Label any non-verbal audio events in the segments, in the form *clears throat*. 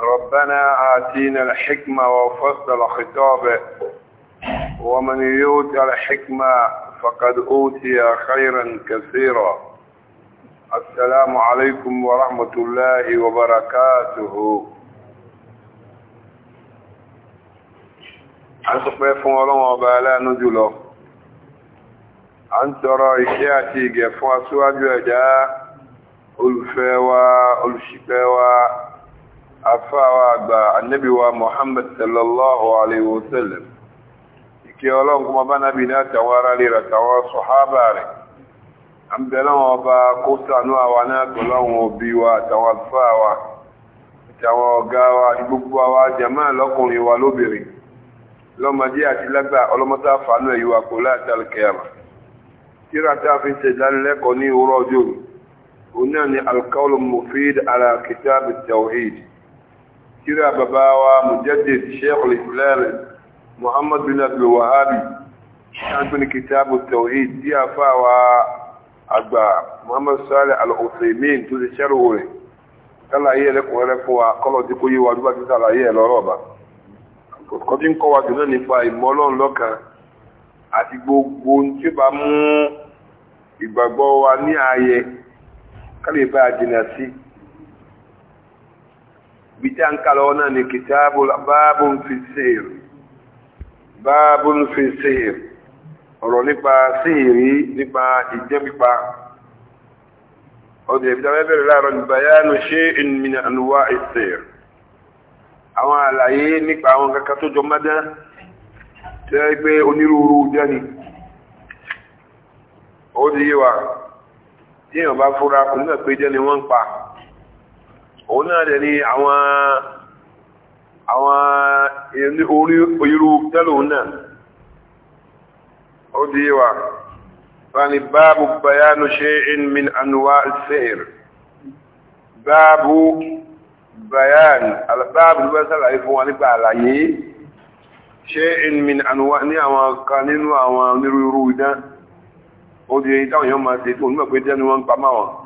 ربنا آتينا الحكمة وفصل الخطاب ومن يوت الحكمة فقد أوتي خيرا كثيرا السلام عليكم ورحمة الله وبركاته a ń sọpẹ́ fún ọlọ́wọ́n ọba aláàánú jùlọ a ń tọrọ iṣẹ́ àti afáwa àgbà annabiwa muhammad sallallahu alaihi wasallam ìkẹ́ ọlọ́run kúmọ bá nábi ní àtàwọn ará lè ràtàwọn sọ̀hábà rẹ̀ an bẹ̀lọ́wọ́ ọba kó sànú àwa náà tọ́lọ́run òbí wa àtàwọn afáwa àtàwọn ọ̀gá wa gbogbo àwa jàmá lọ́kùnrin wa lóbìnrin lọ́mọdé àti lágbà ọlọ́mọta fàánú ẹ̀yíwa kò mufid ala kitab tawhid tíra bàbá wa mujaddid sheikhul islam muhammad bin abdul wahabi ṣáàgbé ní kitabu tawhid tí a fà wá àgbà muhammad salih al-uthaymin tó ti ṣẹ́rù rẹ̀ kálàyé ẹlẹ́kùnrẹ́rẹ́ fún wa kọ́lọ̀ tí kò yé wa dúbà tí sàlàyé ẹ̀ lọ́rọ̀ bá kọtí ń kọ́ wa jùlọ nípa ìmọ̀ ọlọ́run lọ́kan àti gbogbo tí ó bá mú ìgbàgbọ́ wa ní ààyè kálíbà jìnà sí i bitan kalona ni kitabul babun fi sihir babun fi sihir ọ̀rọ̀ nípa síhìrí nípa ìjẹ́pípa ọdún ìbìdáwẹ́ bẹ̀rẹ̀ láàrọ̀ ìbáyánu ṣe ìnmìnà ànúwà ìsìr àwọn àlàyé nípa àwọn kankan tó jọ mádá tẹ́ pé onírúurú dání ó di yíwa tí èèyàn bá fúra onígbà pé jẹ́ ni wọ́n pa òun náà dẹ̀ ni àwọn àwọn orí irú tẹ́lò náà ó di wà fani báàbù bayanu shay'in min anwa al-sihr báàbù bayan al-báàbù ló bá sàlàyé fún wa nípa àlàyé shay'in min anwa ní àwọn kan nínú àwọn onírúurú idán ó di ìdáwọn yóò máa ṣe tó nígbàgbé jẹ́ ni wọ́n ń wọn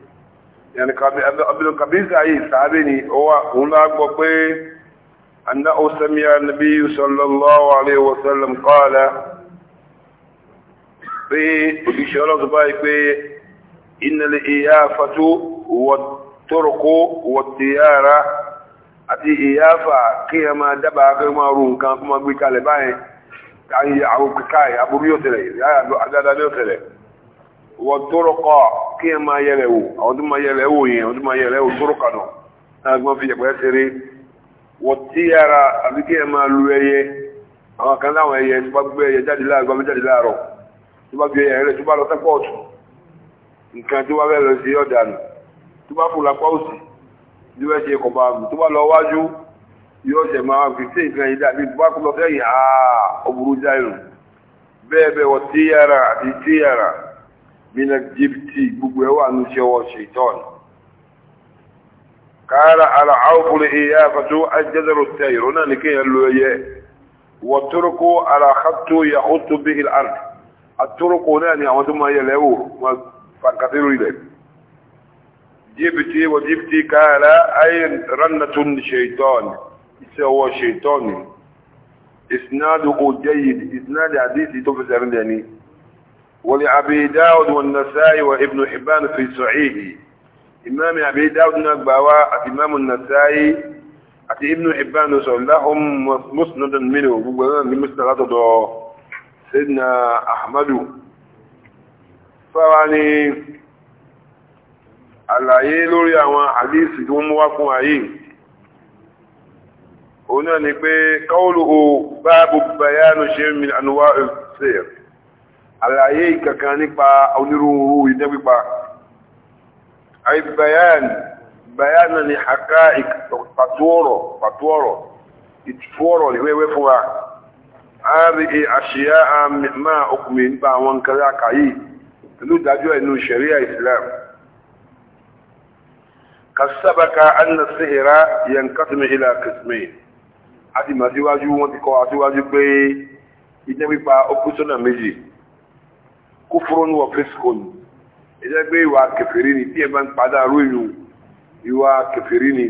yani abdul kabir ayi sahabe ni owa òun la gbọ́ pé anna o samiya nabi sallallahu alaihi wa sallam qala pé òṣìṣẹ́ ọlọ́dún báyìí pé innal iyafatu wa turqu wa tiyara àti iyafa kí ẹ máa dábàá kí ẹ máa ru nǹkan kó máa gbé kí ẹ máa yẹlẹ̀ wò àwọn tó máa yẹlẹ̀ wò yẹn àwọn tó máa yẹlẹ̀ wò sóró kanà láàgbọ́n fi jẹ̀pẹ́ ṣeré wọ́n tí ara àbí kí ẹ máa lu ẹyẹ àwọn kan láwọn ẹyẹ tó bá gbé ẹyẹ jáde láàárọ̀ tó bá gbé ẹyẹ rẹ̀ tó bá lọ sẹ́pọ̀tù nǹkan tó bá bẹ́ẹ̀ lọ sí ọ̀dà tó bá fòlà pa òsì bẹ́ẹ̀ bẹ́ẹ̀ wọ́n tí àti tí mina jibti gbogbo ẹwà ní ṣẹwọ́ ṣetán kára aláàbùnrin iya fàtó ajẹ́dẹ̀rọ̀ tẹ́ ìrọ́nà ní kíyàn ló yẹ wọ́tọ́rọ̀kọ́ aláàkàtó ya ó tó bí ìlànà àtọ́rọ̀kọ́ náà ni àwọn tó máa yẹ lẹ́wọ̀ wọn fàkàtírù ilẹ̀ jibti wọ jibti kára ayé rannatún ṣetán ìṣẹwọ́ ṣetán isnadu kò jẹ́yìn isnadu àdíṣì tó fẹsẹ̀ rìn ولأبي داود والنسائي وابن حبان في صحيحه إمام أبي داود نقبوا إمام النسائي أتي ابن حبان رسول لهم مسند منه من مستغط سيدنا أحمد فواني àlàyé lórí àwọn àdíìsì tó mú wá fún ayé òun náà ni pé kọ́ọ̀lù ò bá àlàyé ìkankan nípa onírúurú idán pípa àìbàyàn bàyàn ni àká pàtúọ̀rọ̀ pàtúọ̀rọ̀ ìtúọ̀rọ̀ ìwẹ́wẹ́ fún wa ààrí àṣíyá àmà ọkùnrin nípa àwọn nǹkan àkàyí pẹ̀lú ìdájọ́ ẹnu sharia islam kàṣàbàkà anna síhìrá yẹn kásìmì ilá kìsìmì àti màsíwájú wọn ti kọ́ àsíwájú pé idán pípa ó méjì kófóró ní wọ́n fẹ́sìkò ní ẹjẹ́ pé ìwà kẹfẹ́rí ni tí ẹ bá ń padà ròyìn ìwà kẹfẹ́rí ni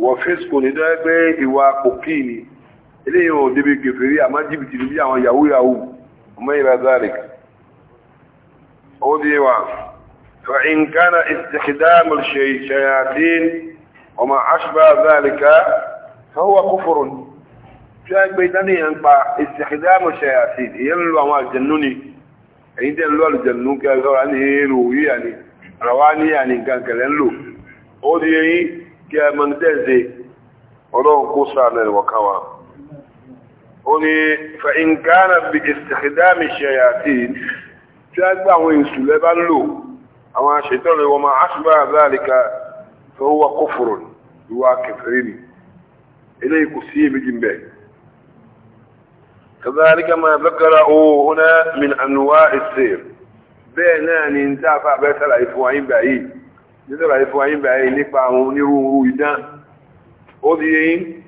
wọ́n fẹ́sìkò ní ẹjẹ́ pé ìwà pòkì ni eléyìí wọn ò débi kẹfẹ́rí àmọ́ jìbìtì ní bí àwọn yahoo yahoo ọmọ ìlà zari ó tí a gbé dání ń pa istikhdamul shayatin ìyẹn ń lo àwọn àjẹnú ni ẹ̀yìn tẹ́ lọ́lù jẹ̀lú kẹsọ́ra ní èrò orí àní àràwá ní àní nǹkan kẹlẹ̀ ń lò ó di eyín kí a mọ̀ tẹ́ẹ̀sẹ̀ ọlọ́run kó sáànà ìwọ̀kan wa ó ní fa'inkára bí ìsìkìdámi ṣẹ̀yàtì tí a gbá كذلك ما ذكره هنا من أنواع السير بينا انتفع بيت العفوعين بعيد بيت العفوعين بعيد نفع ونرو ويدا أوديين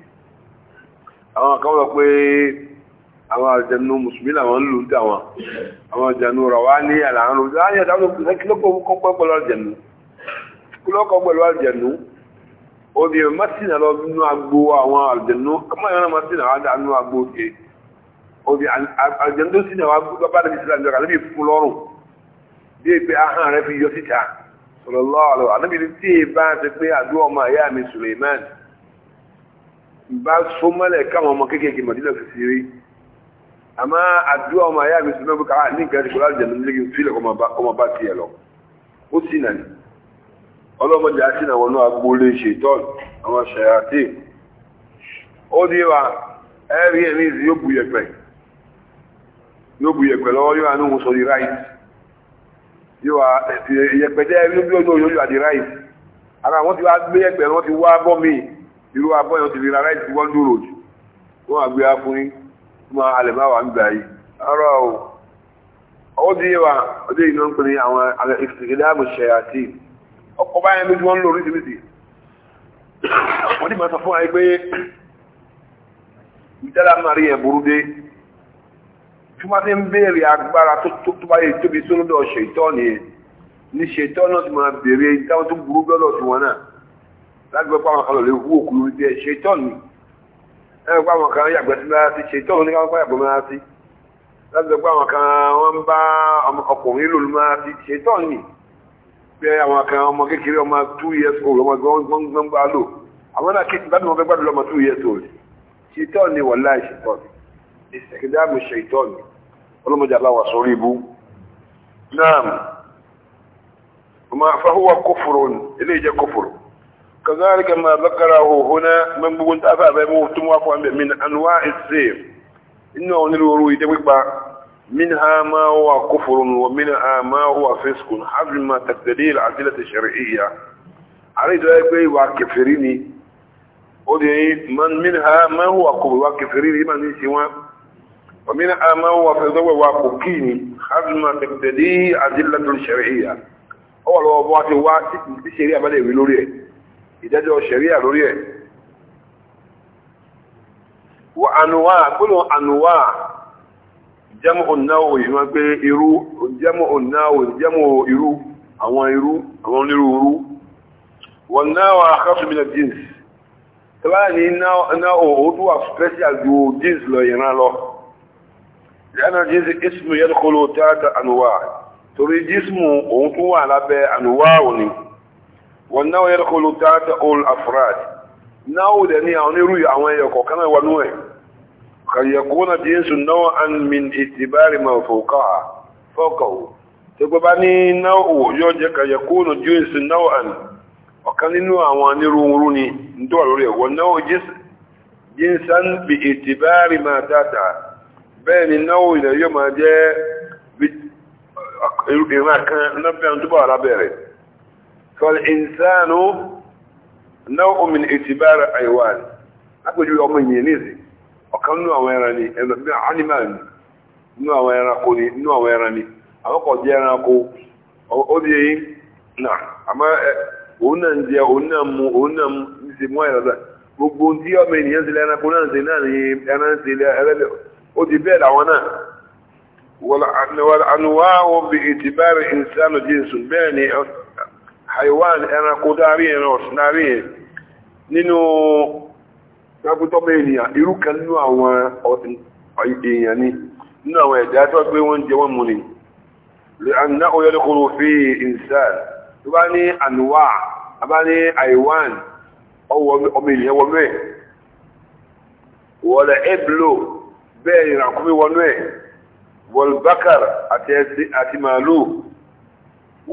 أما قولك بي أما الجنو مسلمين أما اللو دعوة أما الجنو رواني العنو دعوة دعوة لكلكم كم قبل الجنو كلكم قبل الجنو أوديين مسينا لو بنو أبو أما الجنو كما يانا مسينا هذا أنو أبو obi àjẹ́ndó sí náà wà gbogbo bá nàbí sílẹ̀ àjọkà níbi fún lọ́rùn bí i pé ahọ́n rẹ̀ fi yọ síta sallallahu alaihi ànábì tí ì bá ti pé àdúrà ọmọ àyá mi Suleiman bá so mọ́lẹ̀ káwọn ọmọ kéékèèké mọ̀dílẹ̀ fi sí rí àmọ́ àdúrà ọmọ àyá mi Suleiman káwà ní nǹkan ti kọ́ láti jẹ̀mí nílé fílẹ̀ ọmọ bá tiẹ̀ lọ ó sì yóò bu yẹ̀pẹ̀ lọ́wọ́ yóò àánú wọn sọ di right yóò à yẹ̀pẹ̀ jẹ́ ẹni bí ọjọ́ yóò yóò àdì right ara wọn ti wá gbé yẹ̀pẹ̀ wọn ti wá bọ́ mi irú abọ́ yẹn ti fi ra right one two road wọn àgbé afúnrin wọn alẹ̀ máa wà ń gbà yìí ọ̀rọ̀ o ọwọ́ ti yẹ ìtẹ́lá máa rí tí wọ́n ti ń béèrè agbára tó bá yẹ tóbi tó lọ́dọ̀ ṣètọ́ nìyẹn ní ṣètọ́ náà ti máa béèrè táwọn tó burú gbọ́dọ̀ tí wọ́n náà láti gbọ́ pàwọn kan lọ lè wú òkú lórí bí ẹ ṣètọ́ ni ẹgbẹ́ pàwọn kan yàgbẹ́ sí máa ti ṣètọ́ ní káwọn kan yàgbẹ́ máa ti láti gbọ́ pàwọn kan wọ́n ń bá ọkùnrin lòlù máa ti ṣètọ́ ni pé àwọn kan ọmọ kékeré ọmọ two years old ọmọ gbọ́ngbọ́n استخدام الشيطان ولم يجعل الله صريبه نعم وما فهو كفر إليه كفر كذلك ما ذكره هنا من بقول أفا بيموتم وافوا من أنواع السيف إنه نلوروي دقيقة منها ما هو كفر ومنها ما هو فسق حسب ما تقتضيه العدلة الشرعية عليه ذلك وكفرني ودي من منها ما هو كفر وكفرني من سواه ومن أما وفضوه وقوكيني خدمة تقتديه أدلة شرعية أول وضعت واحد في شريعة بدأ بلوريه إدادة الشريعة لوريه وأنواع كل أنواع جمع النوع ما بي إرو جمع النوع جمع إرو أوان يرو أوان إرو إرو والنوع أخص من الجنس طبعا النوع هو special جو جنس لو ينالو لأن الجسم يدخل تحت أنواع تري جسم أنتوا على بي أنواع والنوع يدخل تحت الأفراد نوع دني أوني روي أوني يكو كما ونوع قد يكون جنس نوعا من اعتبار ما فوقها فوقه تقبني نوع يوجد يكون جنس نوعا وكان نوع أوني روني ندور روي والنوع جنس جنسا باعتبار ما تحتها bẹ́ẹ̀ ni náwó ilẹ̀ yóò máa jẹ́ ìran kan lọ́bẹ̀rún tó alábẹ̀rẹ̀ sọ́lẹ̀ ìsánú náà omi ìtìbára àìwá lápẹjú ọmọ ìyẹn nìsí ọ̀kan nú àwọn ẹran ni animal nú àwọn ẹranko ni nú àwọn ẹran ni àwọn jẹ́ ẹranko ó di èyí náà àmọ́ òun náà ń jẹ òun náà mú òun náà mú ní mú gbogbo tí ọmọ ènìyàn ti náà ń ó ti bẹ́ẹ̀ làwọn náà wàlànúwáwọ̀ bí ìtìbárí ìsánù jínsù bẹ́ẹ̀ ni haiwan ẹranko dárí ẹran ọ̀sánárì nínú lápútọ́pẹ́ ènìyàn irú kan nínú àwọn èèyàn ni nínú àwọn ẹ̀dá tó gbé wọ́n jẹ wọ́n mú ni lẹ́nà oyọ́lẹ́kọ̀ọ́ fi ìsán tó bá ní ànúwà wọ́n mẹ́ bẹ́ẹ̀ ìrànkúmí wọnú ẹ̀ wọlbákàr àti màálù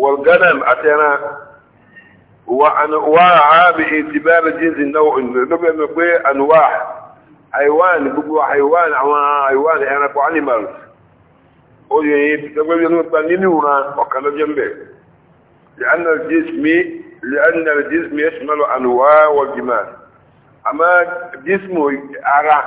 wọlgánàm àti ẹran wà áàbì ìtìbára jínsì náà pé ànúwà àìwán gbogbo àìwán àwọn àìwán ẹranko animals ó yẹ tẹgbẹ́bí ọdún pa nínú ìran ọ̀kan lọ́jọ́ لأن الجسم لأن الجسم يشمل أنواع والجمال أما جسم أراك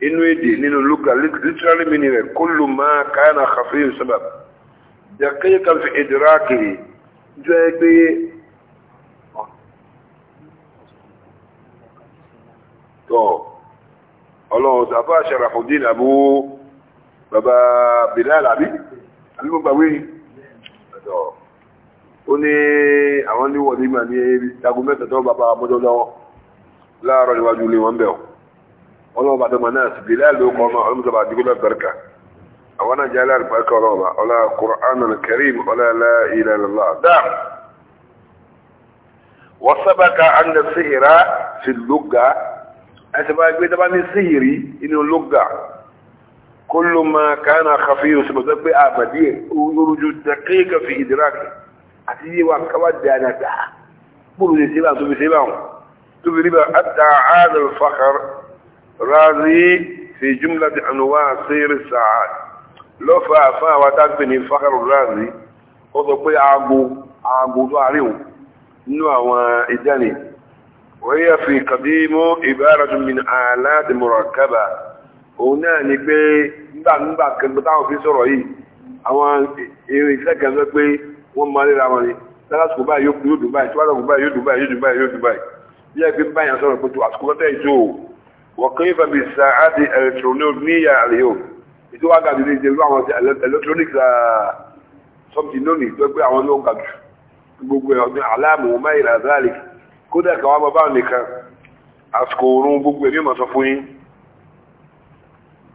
inú èdè nínú lúkà literally meaning rẹ̀ kúlù máa káyánà kàfíyù sábà jẹ́kẹ́ kan fi ìdírá kiri jọ ẹ pé tọ́ ọlọ́run sàfà Sharafuddin Abu bàbá Bilal àbí àbí mo gbàgbé tọ́ ó ní àwọn níwọ̀n nígbà ní ibi tagun mẹ́ta tó bàbá mọ́jọ́ lọ́wọ́ láàárọ̀ níwájú ilé wọn bẹ̀rù ọlọ́wọ́ bá dọ́mọ náà sì bílẹ̀ ló kọ́ ọmọ ọlọ́mọ sọba àdúgbò lọ́gbẹ̀rẹ̀kà àwọn náà jẹ́ aláàrí pàkà ọlọ́wọ́ ọlá kùránà kẹrìm ọlá ilẹ̀ lọ́lá dáa wọ́n sábàkà àndà síhìrá sí lóga ẹsẹ̀ bá gbé dábàá ní síhìrí inú lóga kóló máa kánà kàfí òṣèlú pé àbàdí orújú dàkíkà fi ìdíràkì àti yíwa káwá dáadáa bóòlù ní razi fi jumla ti anuwa siri sa'ad lọ fa àfáà wa dágbé ní fákàrù razi ó sọ pé aago aago tó àríwò nínú àwọn ìdáni wọ́n yẹ fi kàdímọ́ ìbáratun min aláàdì mọ̀rọ̀kábà òun náà ni pé nígbàgbà kẹgbẹ́ táwọn fi sọ̀rọ̀ yìí àwọn èrè iṣẹ́ kan sọ pé wọ́n máa ríra wọn ni lásìkò báyìí yóò dùn báyìí bí ẹgbẹ́ báyìí sọ̀rọ̀ pé àsìkò lọ́tẹ̀ ìjó وكيف بالساعات الالكترونيه اليوم اذا وقع دي دي لو الالكترونيك something no need pé àwọn ló ga jù gbogbo ọdún alamu ma ila zalik kódà ka wa baba nìkan àsìkò orun gbogbo èmi ma sọ fún yín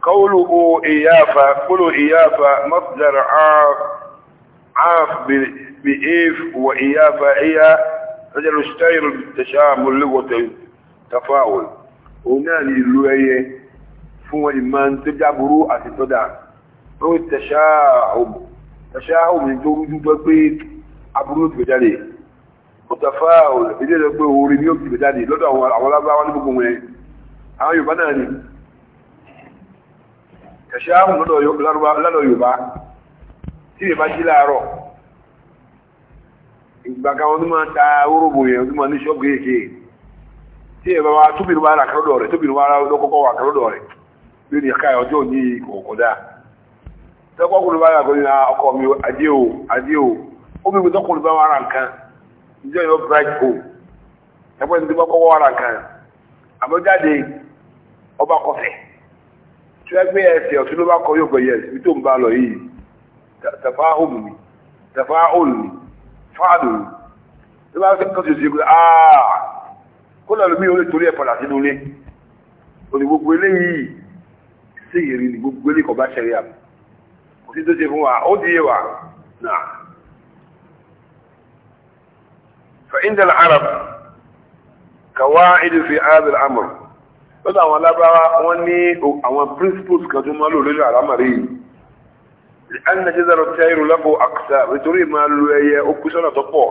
qawlu iyafa qulu iyafa masdar af af bi if wa iyafa iya rajul istayr bi tashamul wa tafa'ul òun náà ni ìlú ẹyẹ fún wọn ìmọ̀ tó jáburú àti tọ́dà ó tẹ̀ṣá òmìn tó rújú pẹ́ pé aburú ló ti gbẹ̀ jáde mọ̀tàfà ilé rẹ̀ pé orin ni ó ti gbẹ̀ jáde lọ́dọ̀ àwọn alábáwá ní gbogbo máa ta orógbò yẹn tó máa ní ṣọ́ọ̀bù kéèkéè tí ẹ bá wá tóbi wá rà kọ́lọ́dọ̀ rẹ̀ tóbi wá lọ́kọ́kọ́ wà kọ́lọ́dọ̀ rẹ̀ bí ní ẹ̀ka ọjọ́ ní kọ̀ọ̀kọ̀dá tẹ́kọ́kùnrin ah, bá yàgò nínú ọkọ̀ mi adíò adíò adé o ó bí tọ́kùnrin bá wà rà nǹkan ìjọ yóò bright home ẹgbẹ́ ní bá kọ́kọ́ wà rà nǹkan àbójáde ọba kọfẹ́ tí wọ́n gbé ẹsẹ̀ ọ̀tún ló bá kọ yóò gbẹ̀yẹ ibi tó ń bá lọ yìí tafahum mi tafahum mi fáàlù mi n'i bá fẹ́ tọ́jú sí ah, kó lọ́lọ́ mi ò lè torí ẹ̀ padà sínú ilé òní gbogbo eléyìí sí ìrìn ní gbogbo eléyìí kọ̀ bá ṣẹlẹ̀ àmì kò sí tó ṣe fún wa ó di yé wa náà فعند العرب قواعد lọ́dọ̀ àwọn alábáwá wọ́n ní àwọn principles kan tó máa lò lórí àlámàrí yìí lo ẹyẹ ó kú sọ́nà tó pọ̀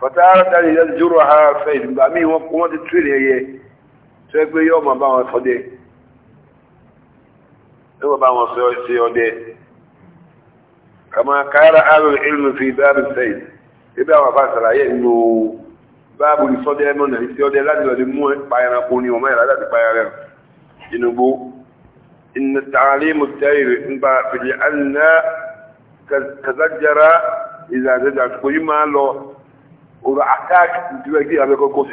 fọtara tari yẹn jùrọ ha fẹ ìdìbò àmì wọn kó wọn ti tírì ẹyẹ tó ẹ pé yọọ máa bá wọn sọdẹ yọọ máa bá wọn sọ ṣe ọdẹ kàmá kára àrùn ìlú fi báàbù sẹyìn ebi àwọn afa sàlàyé nù báàbù sọdẹ ẹnu nà ìṣe ọdẹ láti lọ ní mú pa ẹranko ni wọn máa yàrá láti lọ ọ̀rọ̀ àtàkì tí wọ́n kí abẹ́kọ́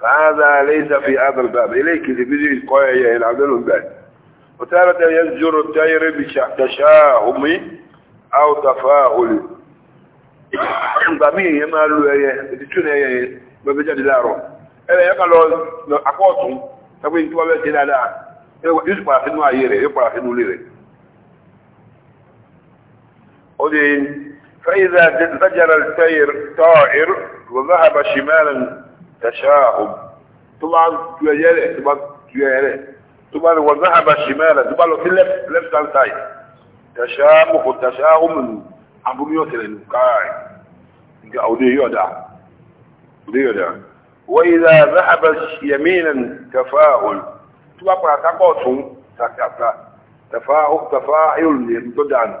فهذا ليس في هذا الباب إليك اللي بيجي قوية إلى عبد الباب وتارة يزجر التير بتشاهم أو تفاؤل gbàmí èèyàn máa lo ẹyẹ ìdítúnú ẹyẹ yẹn gbẹgbẹ ẹyẹ yẹn kan lọ akọọtún tàbí ní tí wọn bẹ ṣe dáadáa yóò sì فإذا انفجر السير طائر وذهب شمالا تشاؤم طبعا تيالي طبعا تيالي طبعا وذهب شمالا طبعا لو في لفت لفت عن سايد تشامخ تشاؤم أبو يوسف القاعد أو دي يودع دي يودع وإذا ذهب يمينا تفاؤل تبقى تقوتهم تفاؤل تفاؤل يبدو عنه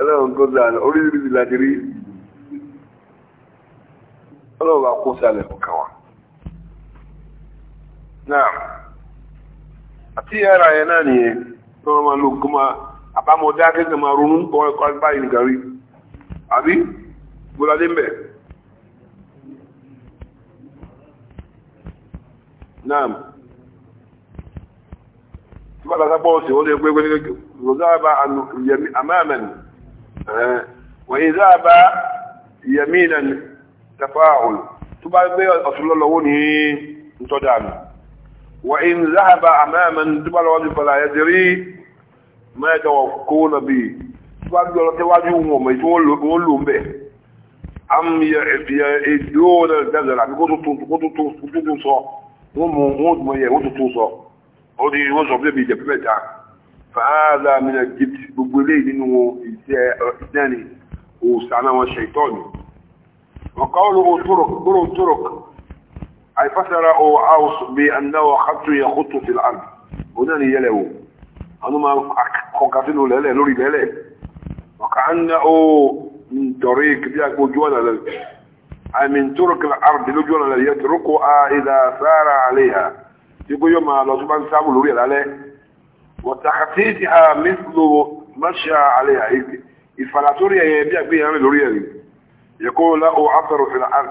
ọlọ́run tó dáa oríṣiríṣi láti rí ọlọ́run akó sálẹ̀ ọ̀kan wa náà àti ẹ̀rà yẹn náà nìyẹn tó wọ́n máa lo gómà àbámọ́dé akẹ́kọ̀ọ́ máa ronú ọwọ́ ẹ̀kọ́ báyìí nìkan rí àbí gbọ́dọ̀ mbẹ̀ tí wọ́n lọ ọ̀sẹ̀ wọ́n lè pé pé ní gbogbo àmàmẹ́ni وإذا أبى يمينا تفاعل تبقى بي أصل الله وني انتدعم وإن ذهب أماما تبقى الواجب فلا يدري ما يتوقون به تبقى بي الله تواجه وما يتولون به أم يدون الجزل عم يقولوا تنصر ومو مو مو يقولوا تنصر ودي وصف لبي جبتها fàáza min al-jibt gbogbo ilé nínú iṣẹ́ ní òsànà wọn ṣaitọ́nù ọ̀kọ́ olóòrùn turuk àìfásara o house bí annáwọ̀ hàtù yẹ kútù fil ard oná ni yẹlẹ̀ wò anú ma kọ̀ọ̀kà sínú lẹ́lẹ̀ lórí lẹ́lẹ̀ ọ̀kà anna o nítorí kìbí àgbójú ọ̀nà lẹ́lẹ̀ àmìn turuk al-ard lójú ọ̀nà lẹ́lẹ̀ وتحقيقها مثل مشى عليها الفلاتوريا يبيع بها من الوريا يقول له أثر في الأرض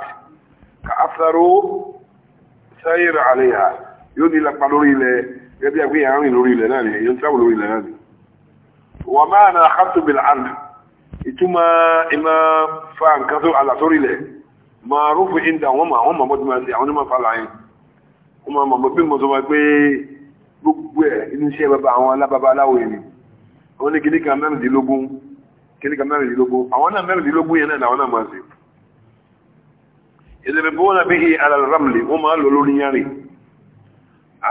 كأثر سير عليها يدي لك بالوريا يبيع بها من الوريا ناني ينساو الوريا ناني وما أنا أخذت بالعرض إتما إما فان كثر على طريقه معروف عندهم وما هم مدمن يعني ما فعلين وما مدمن مدمن gbogbo ẹ̀ inú iṣẹ́ bàbá àwọn alábàbà aláwọ̀ èrè wọ́n ní kìnnìkà mẹ́rìndínlógún kìnnìkà mẹ́rìndínlógún àwọn náà mẹ́rìndínlógún yẹn náà làwọn náà máa ṣe ìdẹ̀bẹ̀bọ́n bí i alàrámlì wọ́n máa lò lórí yánrì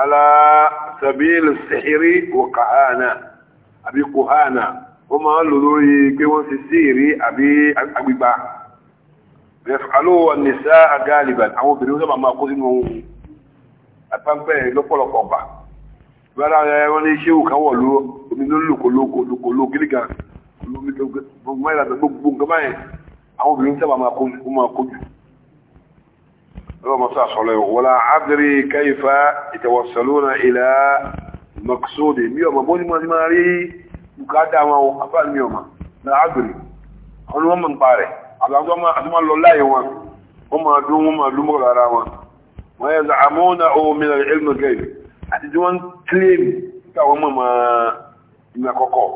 alàsàbílì sẹ̀hìrí wọ àbí kòhánà wọ́n máa lò lórí pé wọ́n ti sírí àbí agbègbà alówà nìsá àgáàlìbà àwọn obìnrin sábà máa kó sínú apáńpẹ́ lọ́pọ̀lọpọ̀ ọ̀bà rárá wọn ní ṣéwù káwọ̀ ló omi ló lò kòló gírígà gbogbo ìlànà gbogbo nǹkan báyẹn àwọn obìnrin sábà máa kó jù máa kó jù lọ́wọ́ sọ àṣọlẹ̀ wọlá adri kayfa yatawassaluna ila maqsudi mi ọmọ bó ní mọ́ sí máa rí bùkátà wọn apá mi ọmọ náà adri àwọn ọmọ ń parẹ̀ àtàwọn lọ láyé wọn wọ́n máa dún wọ́n máa dún mọ́ rárá wọn wọ́n yẹ zàmúnà omi ilmu gẹ̀ẹ́lì àti tí wọ́n ń kílèmù káwọn mọ̀ mọ́ ìmọ̀kọ́kọ́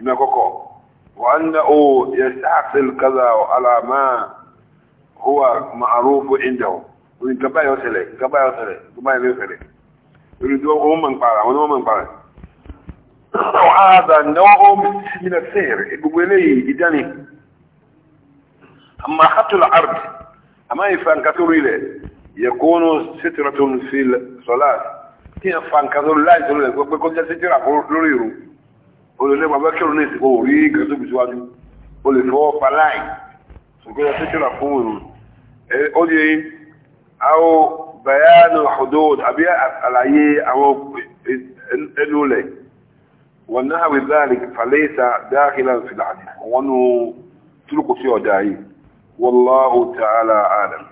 ìmọ̀kọ́kọ́ wọ́n dá ó yẹ sáàfil kaza alama huwa ma'arufu inda orin gaba yóò ṣẹlẹ̀ gaba yóò ṣẹlẹ̀ gaba yóò ṣẹlẹ̀ orin tí wọ́n mọ̀ ń para wọ́n mọ̀ ń para وهذا نوع من السحر بقولي إداني أما خط العرض يكون سترة في الصلاة كي فان كذو لا يقول لك وكل سترة لوريرو قول لي بابا كيلو نيس اوري كذو بيسواجو قول لي فوق فلاي وكل سترة فور قول لي او بيان الحدود ابي على او انولي والنهو ذلك فليس داخلا في الحديث وانه تلقوا فيه داعي والله تعالى اعلم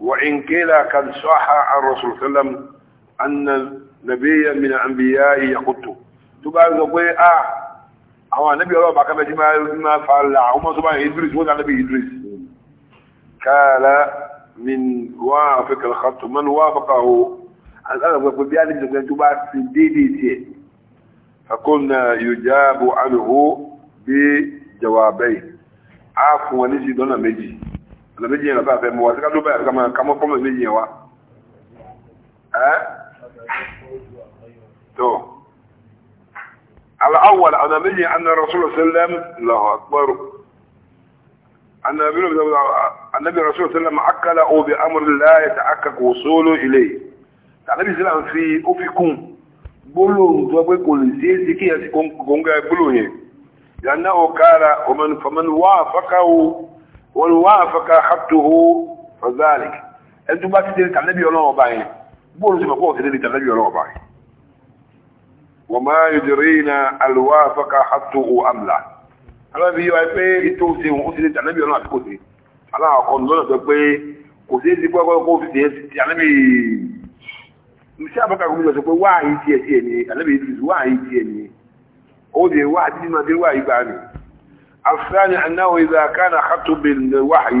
وإن قيل قد صح عن الرسول صلى الله عليه وسلم أن نبيا من الأنبياء يقتل تبقى تقول آه هو نبي الله بقى ما ما فعل هم طبعا إدريس هو النبي إدريس قال من وافق الخط من وافقه أنا أقول بيان نبي تبقى دي فقلنا يجاب عنه بجوابين عفوا نسي دون مجي ọ̀nà méjì yẹn lọ́sàáfẹ́ mọ̀ wá sí kálọ́ báyà kàmọ́ kàmọ́ fọ́mọ̀ méjì yẹn wá ẹ́ tó الأول أنا مني أن الرسول صلى الله عليه وسلم الله أكبر النبي الرسول صلى الله عليه وسلم أكله بأمر لا يتأكك وصوله إليه النبي صلى الله عليه وسلم في أفكم بلون وبكل زيزي كي يكون قنقى بلونه لأنه قال ومن فمن وافقه والوافق حقه فذلك انتم بقى تدري تعلمي ولا هو باين بقولوا زي ما قلت تدري تعلمي ولا هو باين وما يدرينا الوافق حقه ام لا انا بي واي بي تو سي و تدري تعلمي ولا تكو سي انا اكون لو ده بي kò sí ti gbọ́gbọ́ kó fi tẹ̀yẹ ti alẹ́bí iṣẹ́ àbọ́kà gómìnà sọ pé wáàyí tiẹ̀ tiẹ̀ ni alẹ́bí ìdúró wáàyí tiẹ̀ ni ó lè wáàyí tí ma dé wáàyí gbà mí الثاني أنه إذا كان خط بالوحي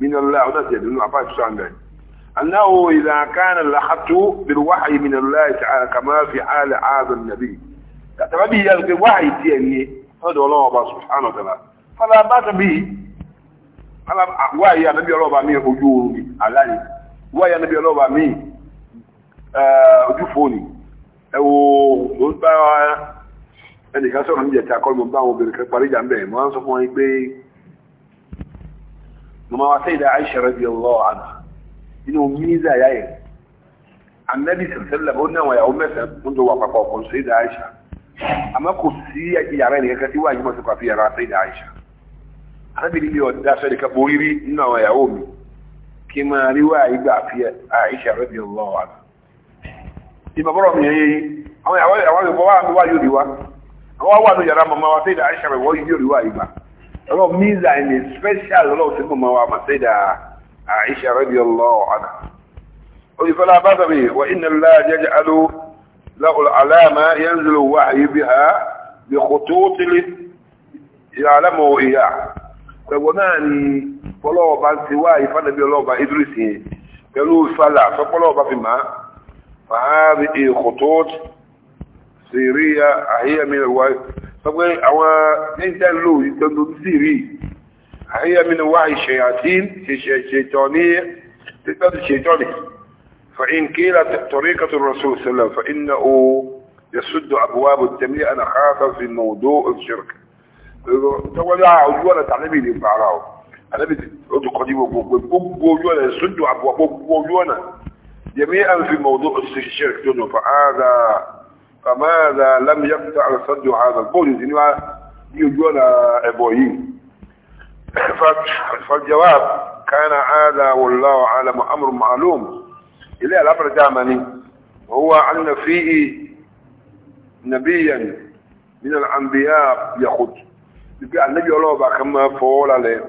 من الله نزل من عباد السعمين أنه إذا كان الخط بالوحي من الله تعالى كما في حال هذا النبي تبدي يلقي وحي تيني هذا الله سبحانه وتعالى فلا بأس به فلا وحي يا نبي الله بامي أجورني علي وحي يا نبي الله بامي أجفوني آه، أو ẹnìkan sọ̀rọ̀ ní ìjẹta kọ́ mo bá àwọn obìnrin kan parí ìjà ń bẹ̀ mo máa ń sọ fún wọn pé mo máa wá Sayyida Aisha radiyallahu anha inú mínísà yá yẹn anabi sẹ̀sẹ̀lẹ̀ ó ní àwọn ìyàwó mẹ́sàn-án tó ń jọ wà papọ̀ ọkọ̀ Sayyida Aisha àmọ́ kò sí yàrá ẹnìkan kan tí wàá yìí mọ̀ sí kó àfi yàrá Sayyida Aisha anabi ni mi ò sọ wọ́n wà ní yàrá màmá wa sẹ́yìn àṣà rẹ̀ wọ́n yóò rí wá ìgbà ọlọ́ míza ẹni special ọlọ́ sí màmá wa mà sẹ́yìn àṣà radiyallahu anha olùfẹ́lá bá sọ̀rọ̀ yìí wà inna Allah yaj'alu lahu al-alama yanzilu wahyu biha bi khututihi ya'lamu ìyá pẹ̀wọ́ náà ni fọlọ́ọ̀bá ti wá ìfànàbí ọlọ́ọ̀bá Idris yẹn pẹ̀lú fàlà sọpọ́lọ́ọ̀bá fi máa fàábi ìkòtóòtì سيرية هي من الوحي طبعا هو انت له يتنظم سيري هي من الوحي الشياطين الشيطانية تتنظم الشيطاني فإن كيلت طريقة الرسول صلى الله عليه وسلم فإنه يسد أبواب التمليء أنا خاف في موضوع الشرك تولى عجوانا تعلمي لي فعلاه أنا قديم وجوانا يسد أبواب وجوانا جميعا في موضوع الشرك فهذا فماذا لم يقطع صد هذا القول إنما يجون أبوين *clears throat* فالجواب كان هذا والله أعلم أمر معلوم إليه الأمر دامني هو أن فيه نبيا من الأنبياء يخد يبقى النبي الله بقى كما فول عليه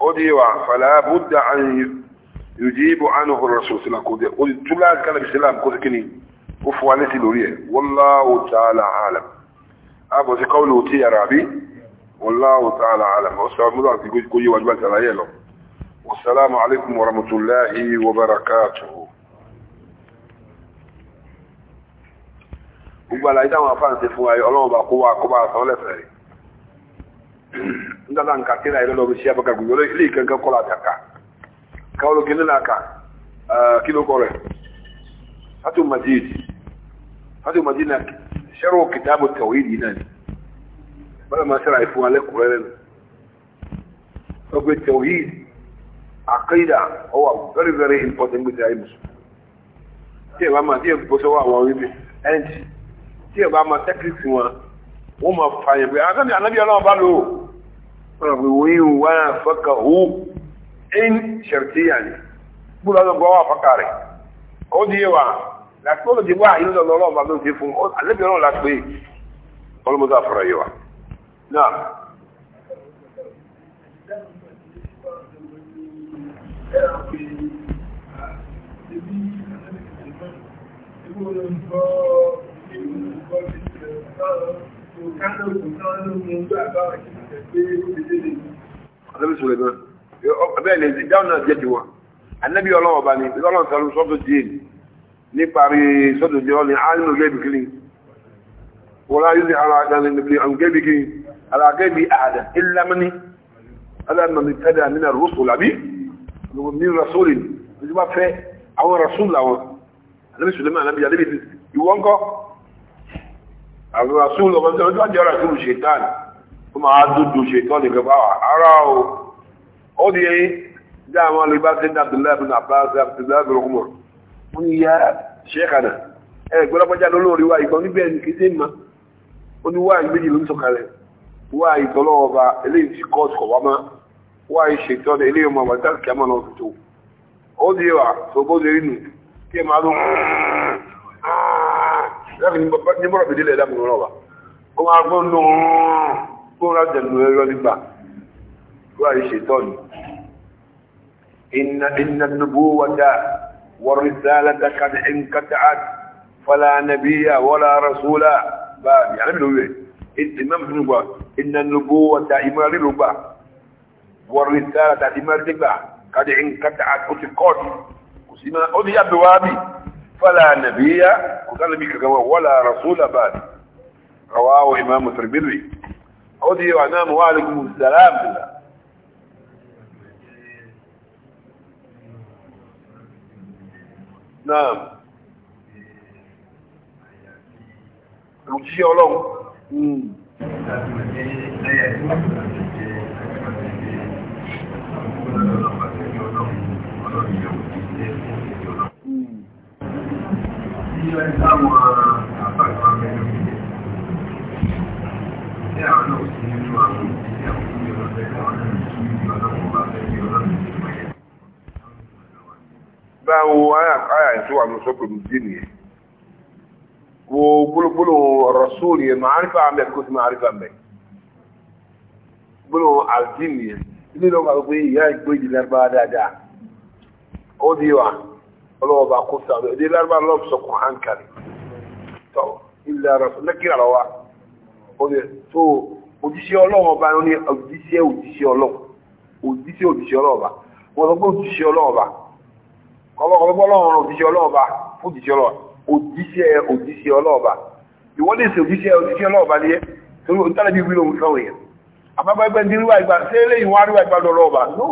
أديوا فلا بد أن يجيب عنه الرسول صلى الله عليه وسلم قلت لا كان بسلام قلت كنين ó fún wa létí lórí ẹ̀ wallahu o alam ààbò sí kọ́ọ̀lù tí yàrá àbí wallahu ta'ala alam ó sọ múlò àti kó yí wájú àti àlàyé lọ wasalaamu alaykum wa rahmatulahi wa barakatuhu gbogbo àlàyé táwọn afáǹsẹ̀ fún ayé ọlọ́run bá kó wa kó bá sọ lẹ́sẹ̀ rẹ̀ ndada nka ka kilo atu majid هذه مدينة شروا كتاب التوحيد هنا بلا ما شرع يفوان لك قرآن فقل التوحيد عقيدة هو very very important with أي مسلم تيبا ما تيبا بسوا وعوامي أنت تيبا ما تكريك سوا وما فاين بي أنا النبي الله بالو ربي وين وانا فكه إن شرطي يعني بلا أنا بوا فكاري قد يوا làtọ́lọ́dì wà yìí lọ́nà ọlọ́run bá ló ti fún àlébí ọlọ́run la pé ọlọ́mọdé àfọ̀rọ̀ yìí wa náà. Ànábì Sùlẹ̀mán, bẹ́ẹ̀ ni ìdáhùn náà jẹ́ tiwọn. Ànábì ọlọ́wọ̀ bá ní, ọlọ́run sọ̀rọ̀ sọ́tò díẹ̀ ni níparí sọ́dọ̀ jẹ́ ọ́nà alìmọ̀ gẹ́bìkiri wọ́n láyé ní ara gẹ́bìkiri àwọn gẹ́bìkiri ara gẹ́bì àdà ìlàmìní alámàmì tẹ́dà nínà rọ́sùn làbí ní rasúlì ní bá fẹ́ àwọn rasúl làwọn alábi sùlẹ́mà alábi alábi wọ́n ní ya ṣẹ́kànà ẹ gbọ́lápọ́já lólórí wa ìgbọ́n níbẹ̀ ní kéde ma ó ní wáyé méjì ló ń sọ̀kalẹ̀ wáyé tọ́lọ́wọ́ ba eléyìí ti kọ́ọ̀sì kọ̀ wá má wáyé ṣètọ́ ní eléyìí ọmọ àwọn táàkì àmọ́ náà tó ó di wa tó bó lè nù kí ẹ máa lọ láti ní bọ́rọ̀ bèdè lẹ̀ dáàbò náà wà ó máa gbọ́n nù kóra jẹ̀lú ẹ̀rọ nígbà wáyé ṣètọ́ ni. Inna inna nubuwata والرسالة قد انقطعت فلا نبي ولا رسول بعد يعني من هو الإمام ابن قال إن النبوة إمام الربا والرسالة إمام الربا قد انقطعت وتقط وسيما أضي بوابي فلا نبي وكان نبي كما ولا رسول بعد رواه إمام الترمذي أضي وعنام وعليكم السلام بالله náà òjíṣẹ́ ọlọ́run Ìjọ́ hmm. ìsáwọn hmm. àwọn àyà tó wà ní sọ́pẹ̀lú jí nìyẹn wo gbólógbóló rasul yẹn ma'arifa amẹ kó sí ma'arifa amẹ gbólógbóló aljin yẹn ilé lọ́wọ́ kan pé ìyá ìgbé yìí lárúbá dáadáa ó di wa ọlọ́wọ́ bá kó sáré ilé lárúbá lọ́wọ́ sọ kún hankali tọ́ ilé rasul lẹ́kìrà lọ́wọ́ ó di tó òjíṣẹ́ ọlọ́wọ́ bá ní òjíṣẹ́ òjíṣẹ́ ọlọ́wọ́ òjíṣẹ́ òjíṣẹ́ ọlọ́wọ́ bá wọ́n sọ pé òjíṣẹ́ ọlọ́wọ́ bá ọlọ́kọ̀ọ́bọ́ ọlọ́run òjíṣẹ́ ọlọ́ọ̀ba fún òjíṣẹ́ ọlọ́ọ̀ba òjíṣẹ́ òjíṣẹ́ ọlọ́ọ̀ba ìwọ́n lè ṣe òjíṣẹ́ òjíṣẹ́ ọlọ́ọ̀ba ni ẹ́ torí òtítàlẹ́bí wí lòun fẹ́ wòye àbábá ẹgbẹ́ ní ríwá ìgbà sí eléyìí wọ́n ríwá ìgbà lọ́ọ̀ba ló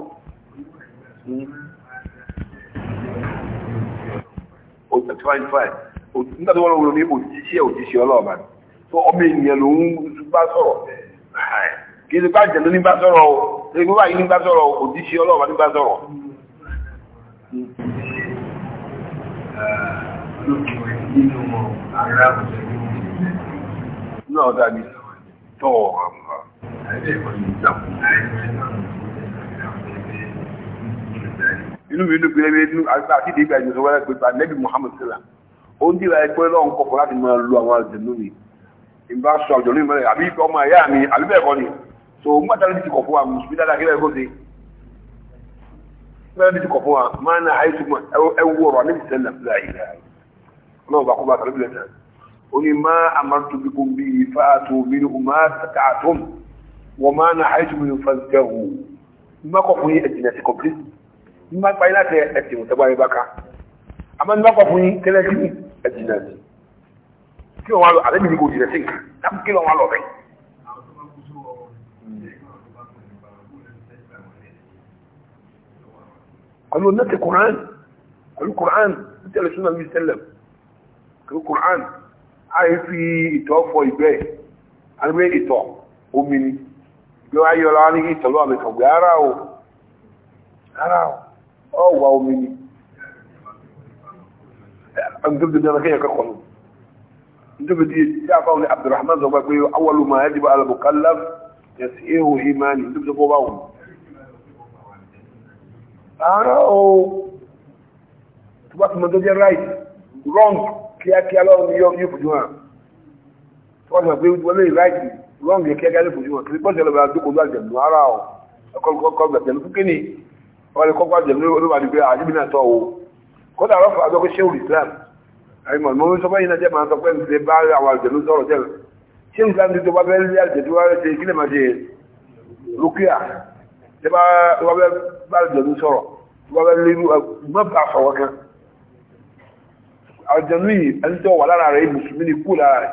nígbà tó wọ́n lọ́wọ́ ní òjíṣẹ́ òjíṣẹ́ ọlọ́ọ̀ba tó ọmọ ènìyàn ló ń bá sọ̀rọ̀ kí ló bá jẹ̀ ló ní bá sọ̀rọ̀ o olókèwé nínú ará àwùjọ nínú ìlẹ̀. náà dàbí tọ́ àmà inú mi dùn pé ẹgbẹ́ àti ìdígbà ìjọsọ wẹ́rẹ́ pé àlẹ́bí Muhammad sila ó ń dìbà ẹgbẹ́ lọ́wọ́ ń kọ̀kọ̀ láti máa lo àwọn àjọ̀nú mi ìbá sọ àjọ̀nú mi mẹ́rin àbí ọmọ ẹ̀yà mi àbí bẹ́ẹ̀ kọ́ ni so mọ́tàlẹ́bí ti kọ̀ fún wa mùsùlùmí dáadáa kí lẹ́ẹ̀kọ́ sí i bẹ́ẹ̀ bí kọ̀ fún wa máa ń náà àìsùn ẹwú ọ̀rọ̀ àníbi sẹ́lẹ̀ láì láì ọlọ́run bá kó bá sọ̀rọ̀ bílẹ̀ náà ó ní má àmàtò bí kò bí ifá tó bí ní ọmọ àtàtùm wọ́n máa ń náà àìsùn mi fa jẹ́ hù má kọ̀ fún yín ẹ̀jìnà sí kọ̀pí má kí wọ́n wá lọ pẹ̀lú nẹ́tì kùrán pẹ̀lú kùrán nítẹ̀lẹ̀ súnà ní sẹ́lẹ̀ pẹ̀lú kùrán àyè fi ìtọ̀ fọ ìgbẹ́ àgbẹ̀ ìtọ̀ omi ni ìgbé wa yọra ní ìtọ̀ lọ́wọ́ àmì kàgbé ara o ara o ọ wà omi ni àgbẹ̀bí dáná kéèyàn kẹ́kọ̀ọ́ lọ nítorí tí a fáwọn Abdulrahman zọgbà pé awwalu ma yajibu ala mukallaf yasihu imani nítorí tí wọ́n bá wọn àárọ̀ o tó bá tún mọ́ tó jẹ́ right wrong kíákíá lọ́rùn yóò fojú hàn tó bá tún mọ́ pé wọlé right wrong yẹ kíákíá lè fojú hàn kí bọ́ọ̀sì ẹlọ́bàá dókòó lọ àjẹ̀mú ara o ọkọ̀ gbẹ̀jẹ̀mú fún kíni wọ́n lè kọ́kọ́ àjẹ̀mú olóba ní pé àjẹ́bí náà tọ́ o kódà rọ́fà àjọ pé ṣéwù Islam àìmọ̀ mọ́ sọ báyìí náà jẹ́ máa sọ pé ní bá àwọn àjẹ̀mú sọ̀rọ̀ jẹ́ ṣéwù Islam ní tó bá fẹ́ rí àjẹ̀mú wá rẹ̀ ṣe kí lè máa ṣe rúkìá tẹ́bá wọ́n bẹ́ bá àjọ̀nú sọ̀rọ̀ wọ́n bẹ́ lérú má bá fọwọ́ kan àjọ̀nú yìí ẹni tó wà lára rẹ̀ mùsùlùmí ni kú lára rẹ̀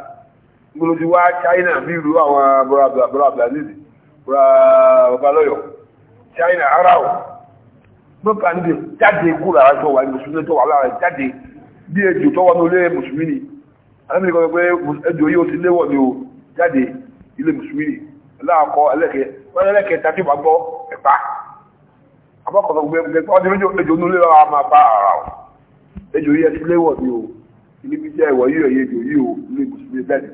gbogbo ti wá China bí ìlú àwọn bọ́lá abdulaziz bọ́lá babalọ́yọ̀ China ara ọ̀ má bá níbi jáde kú lára tó wà mùsùlùmí tó wà lára rẹ̀ jáde bí ejò tó wà ní olé mùsùlùmí ni alámìnì kan pé ejò yóò ti léwọ̀ ni o jáde ilé mùsùlùmí ẹ̀fà abọ́kọ̀tọ̀ gbẹgbẹgbẹ ọdún méjì ejò ní olè lọ́wọ́ máa bá ara o ejò yìí ni o níbi jẹ́ yìí ẹ̀yẹ ejò yìí o ní ibùsùn bẹ́ẹ̀ ni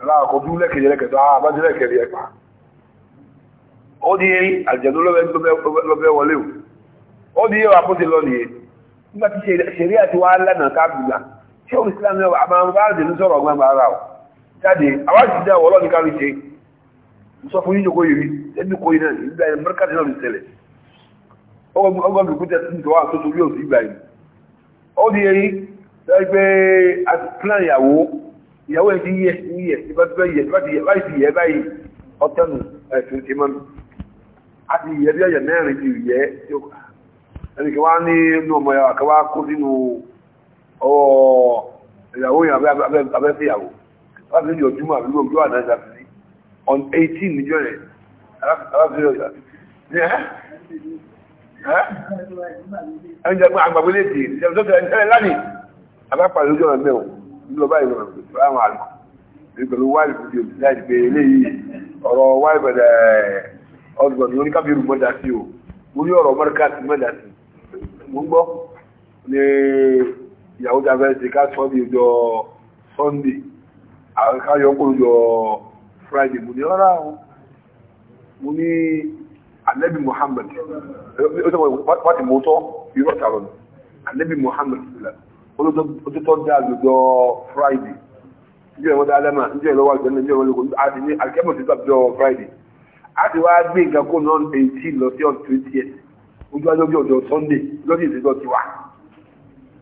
aláàkọ́ dúró lẹ́kẹ̀yẹ lẹ́kẹ̀tọ́ abájẹ́ lẹ́kẹ̀yẹ ẹ̀fà sọ fún yíyọ kóyìí ẹni kóyìí náà ìgbà yẹn mẹ́ríkàtì náà ló ṣẹlẹ̀ ọgbọ́n mi kúta tí wà tó torí òsì ìgbà yìí ó di èyí pé plan ìyàwó ìyàwó ẹ̀ ti yẹ yẹ ìbá ti yẹ ìbá ti yẹ báyìí ti yẹ báyìí ọ̀tẹ́nu ẹ̀sìn ti mọ́nu a ti yẹ bí ọ̀yẹ̀ mẹ́rin ti yẹ ẹni kí wá ní inú ọmọ ìyàwó àkọ́wá kó sínú ìyàwó yẹn abẹ́fẹ́ ìyàwó láti ní ọjọ́ on 18 níjọ́ rẹ̀ aláfíìsọ́ ẹ̀ẹ́jẹ́ pé àgbàgbélé dì ìṣẹ́lẹ̀ lánìí àbápàá lójú ọ̀rọ̀ mẹ́wọ̀n nílọ báyìí wọn pẹ̀lú àwọn àlùkò pẹ̀lú wáìlì fúdíò láti pé eléyìí ọ̀rọ̀ wáìlì bẹ̀rẹ̀ ọdún ní oníkàbírù mọ́dá sí o mo ní ọ̀rọ̀ mọ́ríkà sí mọ́dá sí mo ń gbọ́ ní ìyàwó tàbí ẹ̀sìn ká sọ́ bí ọjọ́ Sunday àwọn ká yọ kó lójọ́ friday mo ní rárá o mo ní alẹ́bí muhammad ó sọ wáti mo tọ́ irọ́ tààrọ̀ ni alẹ́bí muhammad sílẹ̀ olóòtọ́ dá àgbègbè friday níjẹ́ ìwọ́n dá alẹ́mà níjẹ́ ìlọ́wọ́ àgbẹ̀ níjẹ́ ìwọ́n lóko àti ní alẹ́mà ti sàbíọ́ friday a ti wá gbé nǹkan kó náà eighteen lọ sí ọ̀tún eighteen ojú ajọ́ bí ọjọ́ sunday lọ́dí ìṣèjọ́ ti wà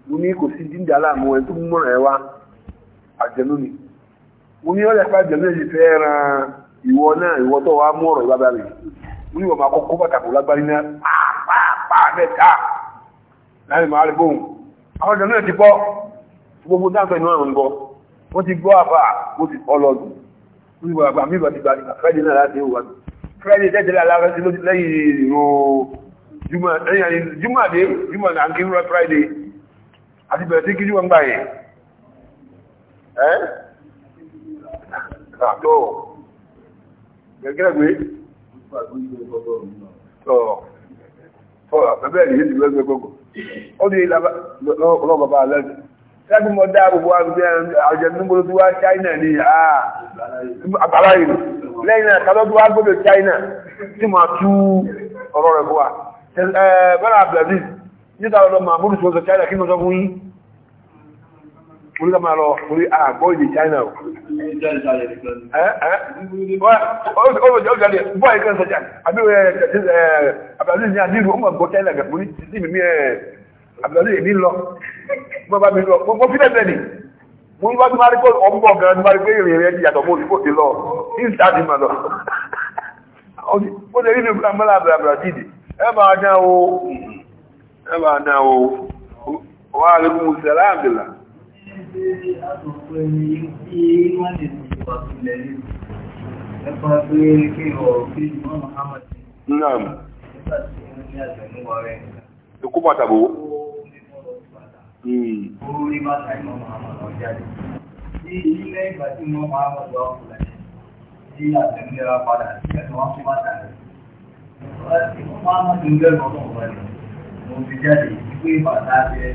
mo ní kò sí díndín aláàmú ẹ̀ tó mú mọ́ràn ẹ̀ wá àjẹnú ni mo ní ọ̀rẹ́ pa jẹ̀lú èyí fẹ́ ran ìwọ náà ìwọ tó wàá mú ọ̀rọ̀ ìbábá rẹ̀ mo ní ìwọ máa kọ́kọ́ pàtàkì lágbárí náà pàápàá mẹ́ta láì máa rí bóun àwọn ìjọ náà ti bọ́ gbogbo dáńtọ́ inú ọ̀rùn bọ́ wọ́n ti gbọ́ àbá ó ti ọlọ́dún mo ní ìwọ àgbà mi ìbàdí ìbàdí fẹ́ẹ̀dì náà láti ìwà fẹ́ẹ̀dì tẹ́tẹ́lẹ́ aláfẹ́sí lẹ́yìn ìrò jùmọ̀ ẹ̀yìn jùmọ̀ àdé jùmọ̀ náà kí ń rọ Friday àti bẹ̀rẹ̀ sí kí jùmọ̀ ń gbà yẹn àtọ́ gẹ́gẹ́gbé tọ́ àfẹ́bẹ́ ìyé ti gbẹ́gbẹ́ gbogbo ó di ọlọ́bàbà alẹ́gbẹ́ sẹ́gbẹ́ mọ́ dá gbogbo àjẹ́ nígbòrò tí wá China ní àbára ìlú lẹ́yìn àkàlọ́ tí wá gbogbo China tí ma tú ọ̀rọ̀ rẹ̀ fún wa bẹ́rẹ̀ Abdulaziz nígbà ọlọ́mà bóòlù tí ó sọ China kí mọ́ sọ orí ká máa lọ orí àgbọ́ ìdè China o. bọ́ ẹ̀kan sọ̀jà àbí abdulaziz ní adiru ó mọ̀ gbọ́ China gẹ̀ fún sí mímí ẹ̀ abdulaziz ní lọ mo bá mi lọ mo fi lẹ́sẹ̀ ni mo bá tó máa rí pé ọmọ gan ni máa rí pé ìrìn rẹ̀ yàtọ̀ mo ti kò sí lọ ìsá ti mà lọ. ó lè rí ní ìfúnamọ́lá abdulaziz ẹ máa dán o ẹ máa dán o wàhálà ìmúṣẹ́lá pé àtòkò ẹni tí wọ́n lè ìmọ̀ Muhammad náà nígbà ní ilé ìgbà tí ìmọ̀ Muhammad wà fúlẹ̀ tí àtẹ̀múwà padà sí ẹ̀sùn wọn fún bàtà rẹ̀ ìmọ̀ Muhammad ń gbẹ̀rọ̀ ọ̀tọ̀ wọlé mo fi jáde ìgbé bàtà rẹ̀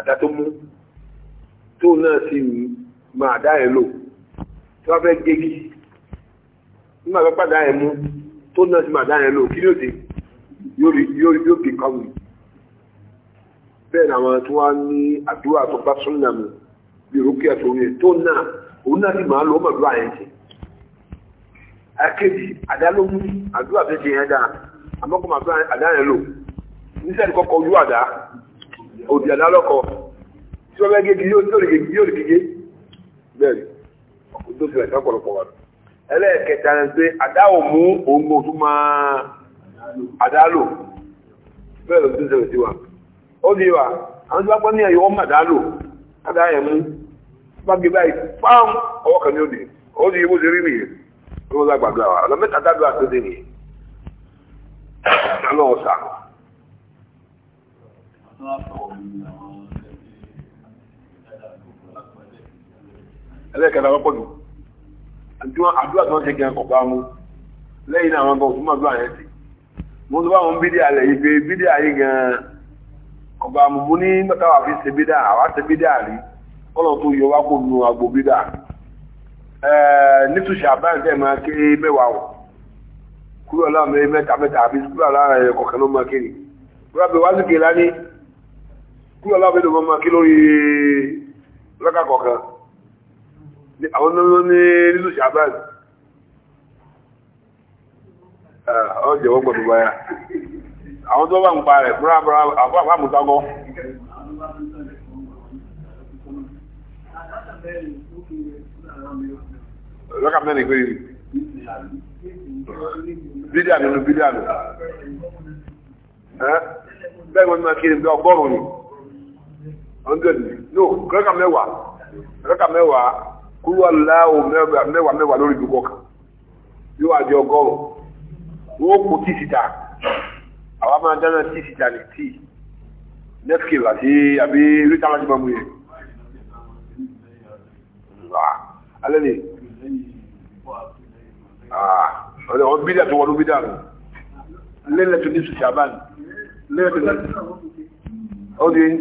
àdá tó mú tó náà sì mọ àdá yẹn lò tí wọ́n fẹ́ gégi nígbà tó pàdá yẹn mú tó náà sì mọ àdá yẹn lò kí ló dé yóò bí kọ́wé bẹ́ẹ̀ ni àwọn tó wá ní àdúrà tó bá súnmọ́ mi bí rúkìá tó yẹ tó náà òun náà sì máa lò ó mọ̀ lọ́wọ́ àyẹ̀ jẹ́ akébi àdálómú àdúrà tó ṣe yẹn dáa àmọ́kùnmọ́ àdá yẹn lò nísàlẹ̀ kọ́kọ́ yóò àdá òbí àdálọ́kọ̀ tí wọ́n bẹ́ gègé yóò lè gègé yóò lè gègé bẹ́ẹ̀ ọkùnrin tó tilẹ̀ sọ́pọ̀lọpọ̀ wa ẹlẹ́ẹ̀kẹta ni pé àdáwò mú òun òtún máa àdálò bẹ́ẹ̀ lọ́dún sẹ̀rẹ̀ sí wa ó di wa àwọn tí wọ́n pọ́n ní ẹ̀yọ́ ọmọ àdálò àdá ẹ̀ mú bá gbé báyìí pàm ọwọ́ kan ní òde ó di ibú ṣe rí nìyẹn tó ń lágbàgbà wa ọ̀nà mẹ́ta dábìá tó ẹlẹ́ẹ̀kẹta lọ́pọ̀ jù àdúrà tí wọ́n ṣe kẹrin kọ̀pá mú lẹ́yìn àwọn ọgbọ̀n tó mọ̀gbọ́n àyẹ́ sí wọ́n tó bá wọn bídí alẹ̀ yìí pé bídí ayé gan ọgbà àmúbú ní mẹ́tàwà fi ṣe bídà àwa ṣe bídà rí kọ́lọ̀ tó yọ wá kó nu agbo bídà nítúṣe àbáyọ̀tẹ̀ máa ké mẹ́wàá wọ̀ kúrò láàrin mẹ́ta mẹ́ta àbí kúrò láàrin kọ̀ọ̀kan ló máa kéré kúrò àbẹ̀ wá sí kéré lání kúrò láàrin ló máa kéré lórí lọ́kà kọ̀ọ̀kan àwọn náà ní nínú ṣàbáyé ọ jẹ́wọ́ gbọ̀dọ̀ báyá àwọn tó bá ń pa rẹ̀ fúnra àbúrà àmútagọ́ lọ́kàtà ní ìgbéri bídíà nínú bídíà nù bẹ́ẹ̀ wọ́n máa kiri bí ọgọ́rùn-ún ni 100 no lọ́kà mẹ́wàá lọ́kà mẹ́wàá kúrò aláwò mẹ́wàá mẹ́wàá lórí ìlú kọ̀ọ̀kan yóò àjọ ọgọ́rùn-ún wọ́n kò tí síta àwọn máa dáná tí síta ní tí netskill àti àbí rita láti mú yẹn alẹ́ ni ọ̀rẹ́ bídà tó wọnú bídà nù lẹ́lẹ̀ tó ní sùsì àbáni lẹ́lẹ̀ tó ní ọdún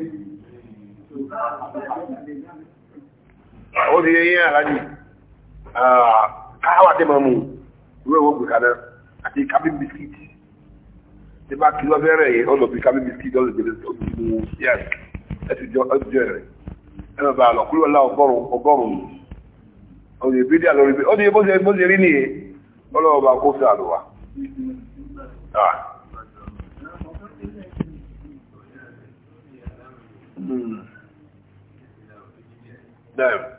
ó ti yẹ yẹn aláàjì káwà tẹ́ máa mú ìwé ìwọ̀n gbèkánná àti kábí bisikíìtì tí bá kí lọ́fẹ́ rẹ̀ yẹ ọlọ́ bí kábí bisikíìtì ọlọ́ ìgbèlè tó ti mú yá ẹtùjọ rẹ̀ ẹ bàbá àlọ́ kúrò ńlá ọgọ́rùn-ún ọ̀nà ìbídí àlọ́rí bí ó ní bó ṣe rí nìyẹn ọlọ́wọ́ Damn.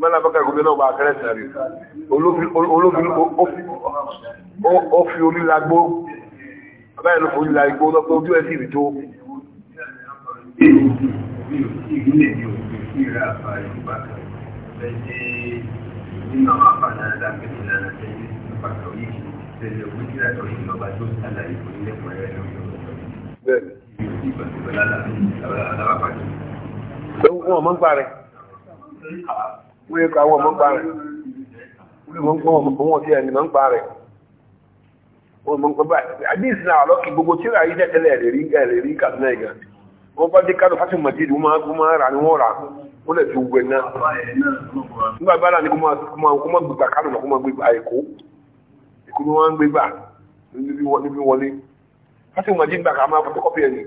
mọ́nà bá kẹ́kọ̀ọ́ náà bá kẹ́rẹ́ sàrí olófin ó fi orí lagbó báyìí ló forí lagbó lọ́pọ̀ ojú ẹ̀ sì rí tó Bẹ́ẹ̀ni. Wọ́n máa ń parẹ́ wọ́n yẹ kó àwọn ọmọ ń rẹ̀ wọ́n ti ẹni mọ̀ ń pa rẹ̀ wọ́n mọ̀ ń báyìí àdìsí náà lọ́kì gbogbo tí ra yíjẹ́ tẹ́lẹ̀ ẹ̀rẹ̀rí ẹ̀rẹ̀rí kàdúnà ìgbà wọ́n bá dé kánú fásitì mọ̀jídì wọ́n máa rà ní wọ́n rà ó lè fi wẹ̀ náà nígbà bá rà ní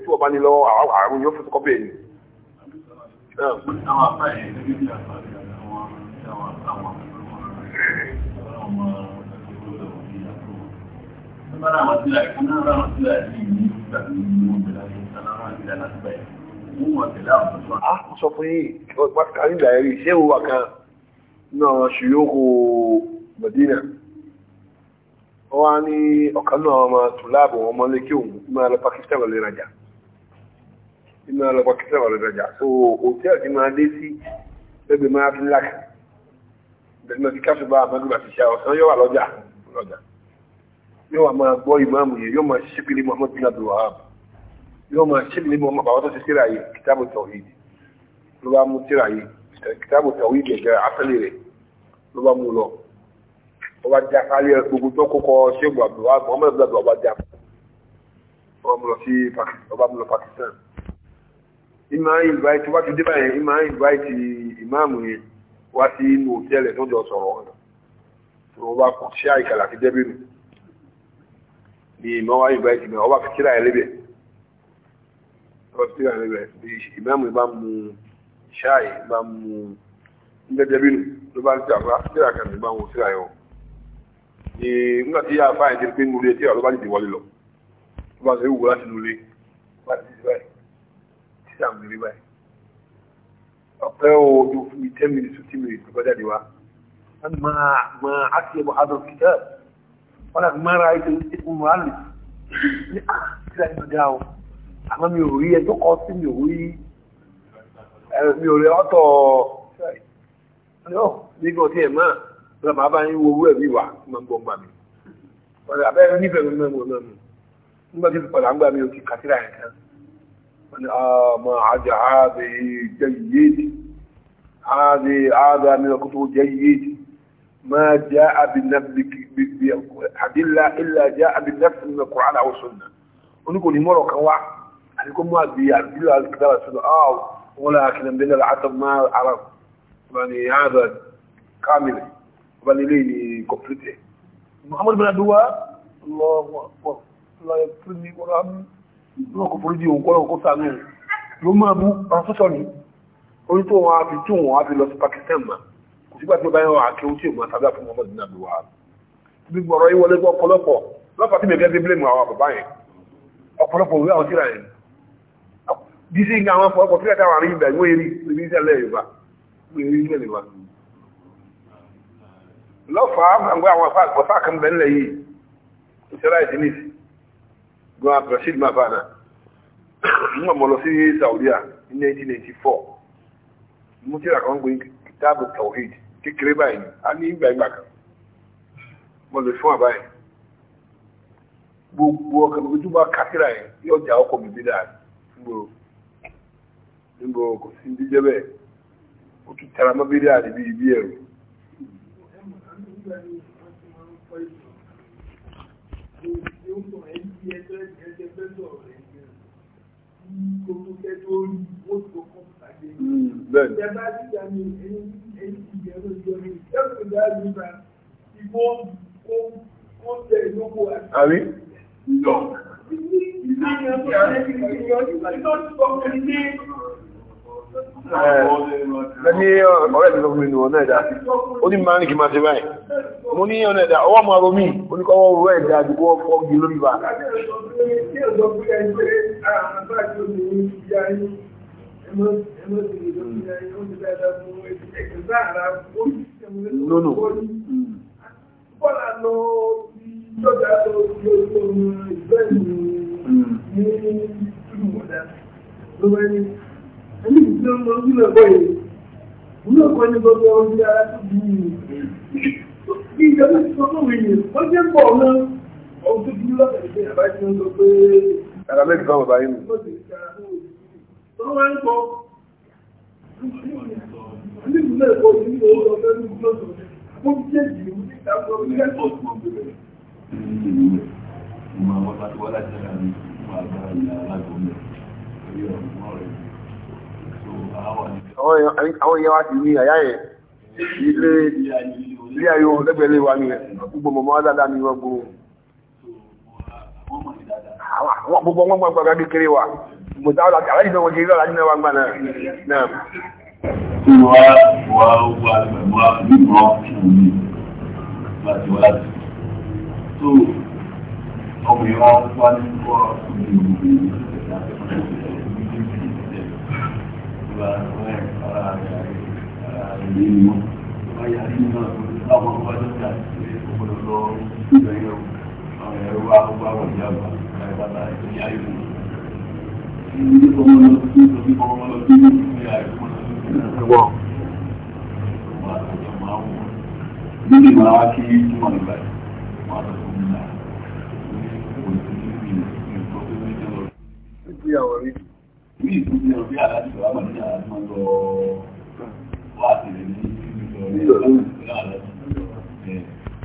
kó máa Ah, àwọn àfáàyè gẹ́gẹ́ bí àfáàyè àwọn àwọn àwọn ọmọ ìgbòlò ìyàtọ̀. Nígbàrá àwọn sílẹ̀ kan náà ráwọn sílẹ̀ yìí nígbà tí wọ́n sọ fún yìí, kárí ìgbà ẹ̀rí, ṣé òwà kan náà ṣùyókò Mẹ̀dínà? Wọ́n á ní ọ̀kan náà ọmọ Tùláàbù ọmọ lé òun máa lọ Pakistan lè rajà tí máa lọ pàkítà wà lọ́dọ̀jà so hòtẹ́ẹ̀lì tí máa dé sí lẹ́gbẹ̀ẹ́ máa fi lákì lẹ́gbẹ̀ẹ́ máa fi káṣù bá àmàgbà ti ṣe ọ̀sán yóò wà lọ́jà lọ́jà yóò wà máa gbọ́ ìmáàmù yẹn yóò máa ṣe pínlẹ̀ Muhammad bin Abdul Wahab yóò máa ṣe pínlẹ̀ Muhammad bàbá tó ṣe síra yìí kìtàbù tawhid ló bá mú síra yìí kìtàbù tawhid ẹ̀jẹ̀ àtẹlẹ̀ rẹ̀ ló bá mú lọ ó bá já kálí gbogbo tó kókọ ṣégun Abdul Wahab Muhammad bin Abdul Wahab já ọba mú lọ sí Pakistan ìmọ̀ invite wá ti débà yẹn ìmọ̀ invite ìmáàmù yẹn wá sí inú òtẹ́ẹ̀lẹ̀ tó jọ sọ̀rọ̀ ọ̀nà tó wá kò ṣe àìkàlà ti dẹ́bìrì ni ìmọ̀ wá invite mi ọba fi kíra ẹlẹ́bẹ̀ ọba fi kíra ẹlẹ́bẹ̀ ìmáàmù bá mu ṣáì bá mu ń dẹ́bìrì ló bá ń jà bá kíra kan ní bá wọn kíra yẹn o ni nígbà tí yáa fáyẹ̀ ti pé nulẹ̀ tí ọ̀rọ̀ bá ti wọlé lọ ló bá ti wù láti nulẹ̀ láti ti sí àwọn eré báyìí ọpẹ́ o yóò fún mi ten minutes fifteen minutes ló kọjá de wa wọn máa máa á ti ẹbọ adọ kìtẹ wọn náà máa ra ètò ìṣẹ́kùn wọn á lè ní à síra ẹni dá o àmọ́ mi ò rí ẹjọ́ kan sí mi ò rí mi ò rí ọ̀tọ̀ nígbà tí ẹ máa lọ máa bá yín wo owó ẹ̀mí wà máa ń bọ̀ gbà mí abẹ́rẹ́ nífẹ̀ẹ́ mi mẹ́mu mẹ́mu nígbà tí ó fi padà ń gbà mí ò ti kàtírà yẹn kan. ما هذه جيد هذه هذا من الكتب جيد ما جاء بالأدلة إلا جاء بالنفس من القرآن أو السنة ونقول يمرك واحد هنكون ما بيع إلا الكتاب السنة أو ولكن من العتب ما عرف يعني هذا كامل بل ليني كفرته محمد بن عدوى الله أكبر الله يغفرني ورحمه lọ́nà kò forí di òun kọ́ lọ́nà kó sànú ló máa mú pàṣọ́ṣọ́ ni orí tó wọn á fi tún wọn á fi lọ sí Pakistan mà kò sígbà tí ó bá yẹn wọn àkéwú tí òun àtàbí àfihàn ọmọdé náà ló wà bí gbọ́rọ̀ yìí wọlé gbọ́ ọ̀pọ̀lọpọ̀ lọ́pàá tí mi gẹ́gẹ́ blame àwọn bàbá yẹn ọ̀pọ̀lọpọ̀ òwe àwọn tíra yẹn bí sí nga àwọn ọ̀pọ̀lọpọ̀ tíra táwọn àríyìn bẹ̀ wọ́n eré níbi iṣẹ́ lẹ́yìn yorùbá wọ́n eré ilé yorùbá lọ́fàá àwọn àgbà àwọn àgbà kan bẹ̀ ńlẹ̀ yìí ìṣẹ́lá ìdínísì gan abdulrasheed mavana nígbà mo si sí saudiya ní 1994 mo ti rà kan gbé kitabu tawhid kékeré báyìí a ní ìgbà ìgbà kan mo lè fún àbáyé gbogbo ọkàn ojú bá kásìrà yẹn yóò jà ọkọ̀ mi bí dáa nígboro nígboro kò sí jíjẹ bẹ́ẹ̀ ó tún tara mọ́ bí dáa níbi ibi ẹ̀rù. Thank you sọ ẹ̀ ní ẹjọ́ ẹ̀jẹ̀ fẹ́ sọ̀rọ̀ rẹ̀ ní gbogbo kẹjọ orí owó tó kọ́ pàdé. bẹ́ẹ̀ ni. ìjọba ti gbà mí ẹni ẹni ti gbà mí ìjọ mi ẹ̀rù ìgbà mi bá ìbò kó kó tẹ ìlókò àti. àrí. ìjọ ìdílé ìyẹn tó ṣe é ìyọjú ìtọ́jú ọkùnrin ní. Eh, lẹ́ni uh, ọ̀rẹ́ mi lọ́gbìn ìwọ̀n náà ó ní máa ní kí máa ti báyìí mo ní ọ̀nà ẹ̀dá ọwọ́ máa romi oníkọ́wọ́ ọwọ́ ẹ̀dá àdúgbò ọkọ̀ ọgbì lórí bá lónà bọ́lá ẹni tí ó lọ sí lọ́gbọ́ yìí ìlú ọ̀pọ̀ ní gbogbo ọmọ sí ara tó bí i bí ti sọ fún ìyẹn wọ́n jẹ́ pọ̀ ọ̀nà ohun tó bí lọ́sẹ̀ ìṣe àbá tí ó sọ pé ara mẹ́rin kan bàbá yìí nù. tó wá ń kọ ní ìlú ẹ̀kọ́ yìí ní owó ọ̀fẹ́ ní ìlú ọ̀sọ̀ mo ti jẹ́ jì ní ìtàkùn ọ̀gbìn lẹ́kọ̀ọ́ tó ń bẹ̀rẹ̀. Mo wọ́n bá ti wọ́n láti ṣe àmì fún àgbára ìlà alágbó mẹ́rin àwọn èèyàn wá ti ní àyá ẹ̀ ilé ilé ayò lẹ́gbẹ̀ẹ́lẹ́ wa ní gbogbo mọ̀mọ́ dáadáa ní wọ́n gbogbo àwọn gbogbo wọn gbogbo agbára kékeré wa gbogbo táwọn láti aláìsí wọn ìjọba rí ní ìpínlẹ̀ ọdí aláàjì wàhálà ní aláàjì máa lọ wá tẹ̀lé ní ìpínlẹ̀ ọdí aláàjì ẹ̀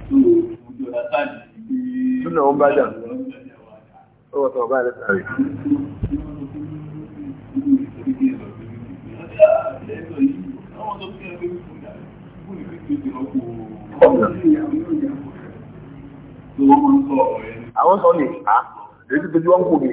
tó ojú ọ̀dá táàjì ti Túnà ó ń bá jà. Ó wọ́n tọ̀ bá ẹ̀rẹ́ sàárè. Àwọn sọ ní, ah, èyí tó tójú wọn kò ní.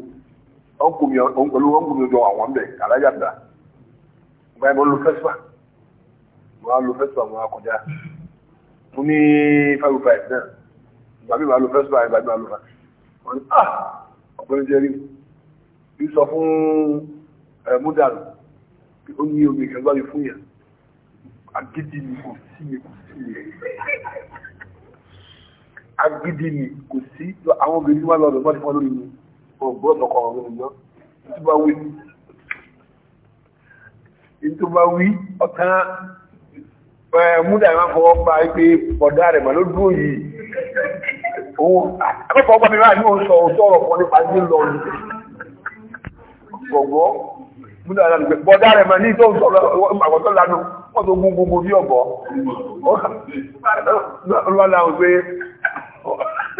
ọkùnmi pẹ̀lú ọkùnmi ọjọ́ àwọn bẹ̀ alájàdá ọgbà ẹ̀bọ̀ ló fẹ́sà wọ́n ló fẹ́sà wọn akọjá fún ní 5-5 náà ìgbà bí wọ́n ló fẹ́sà ìgbà bí wọ́n ló fẹ́sà wọ́n ni ah ọ̀pẹ́ni jẹ́rí bí sọ fún múdàlù ó ní omi ìkẹgbà yìí fún yà agídí ni kò sí ni kò sí yẹ agídí ni kò sí àwọn obìnrin wọn lọ lọ bá ti fọ́ lórí mi ògbọ́dọ̀ kọ̀ ọ̀rọ̀ ìjọ ìtúbà wí ìtúbà wí ọ̀tán múdà máa fọwọ́ pa pé ọ̀dá rẹ̀ mà ló dúró yìí òun akẹ́kọ̀ọ́ gbàmí rà ní oṣù ọ̀tọ̀ ọ̀rọ̀ kan nípa ní lọ ní gbọ̀gbọ́ múdà rẹ̀ pé bọ̀dá rẹ̀ mà ní ìtọ́ sọ̀rọ̀ àkọ́tọ́ lanu wọ́n tó gbogbo bí ọ̀bọ̀ ọ̀lọ́lá pé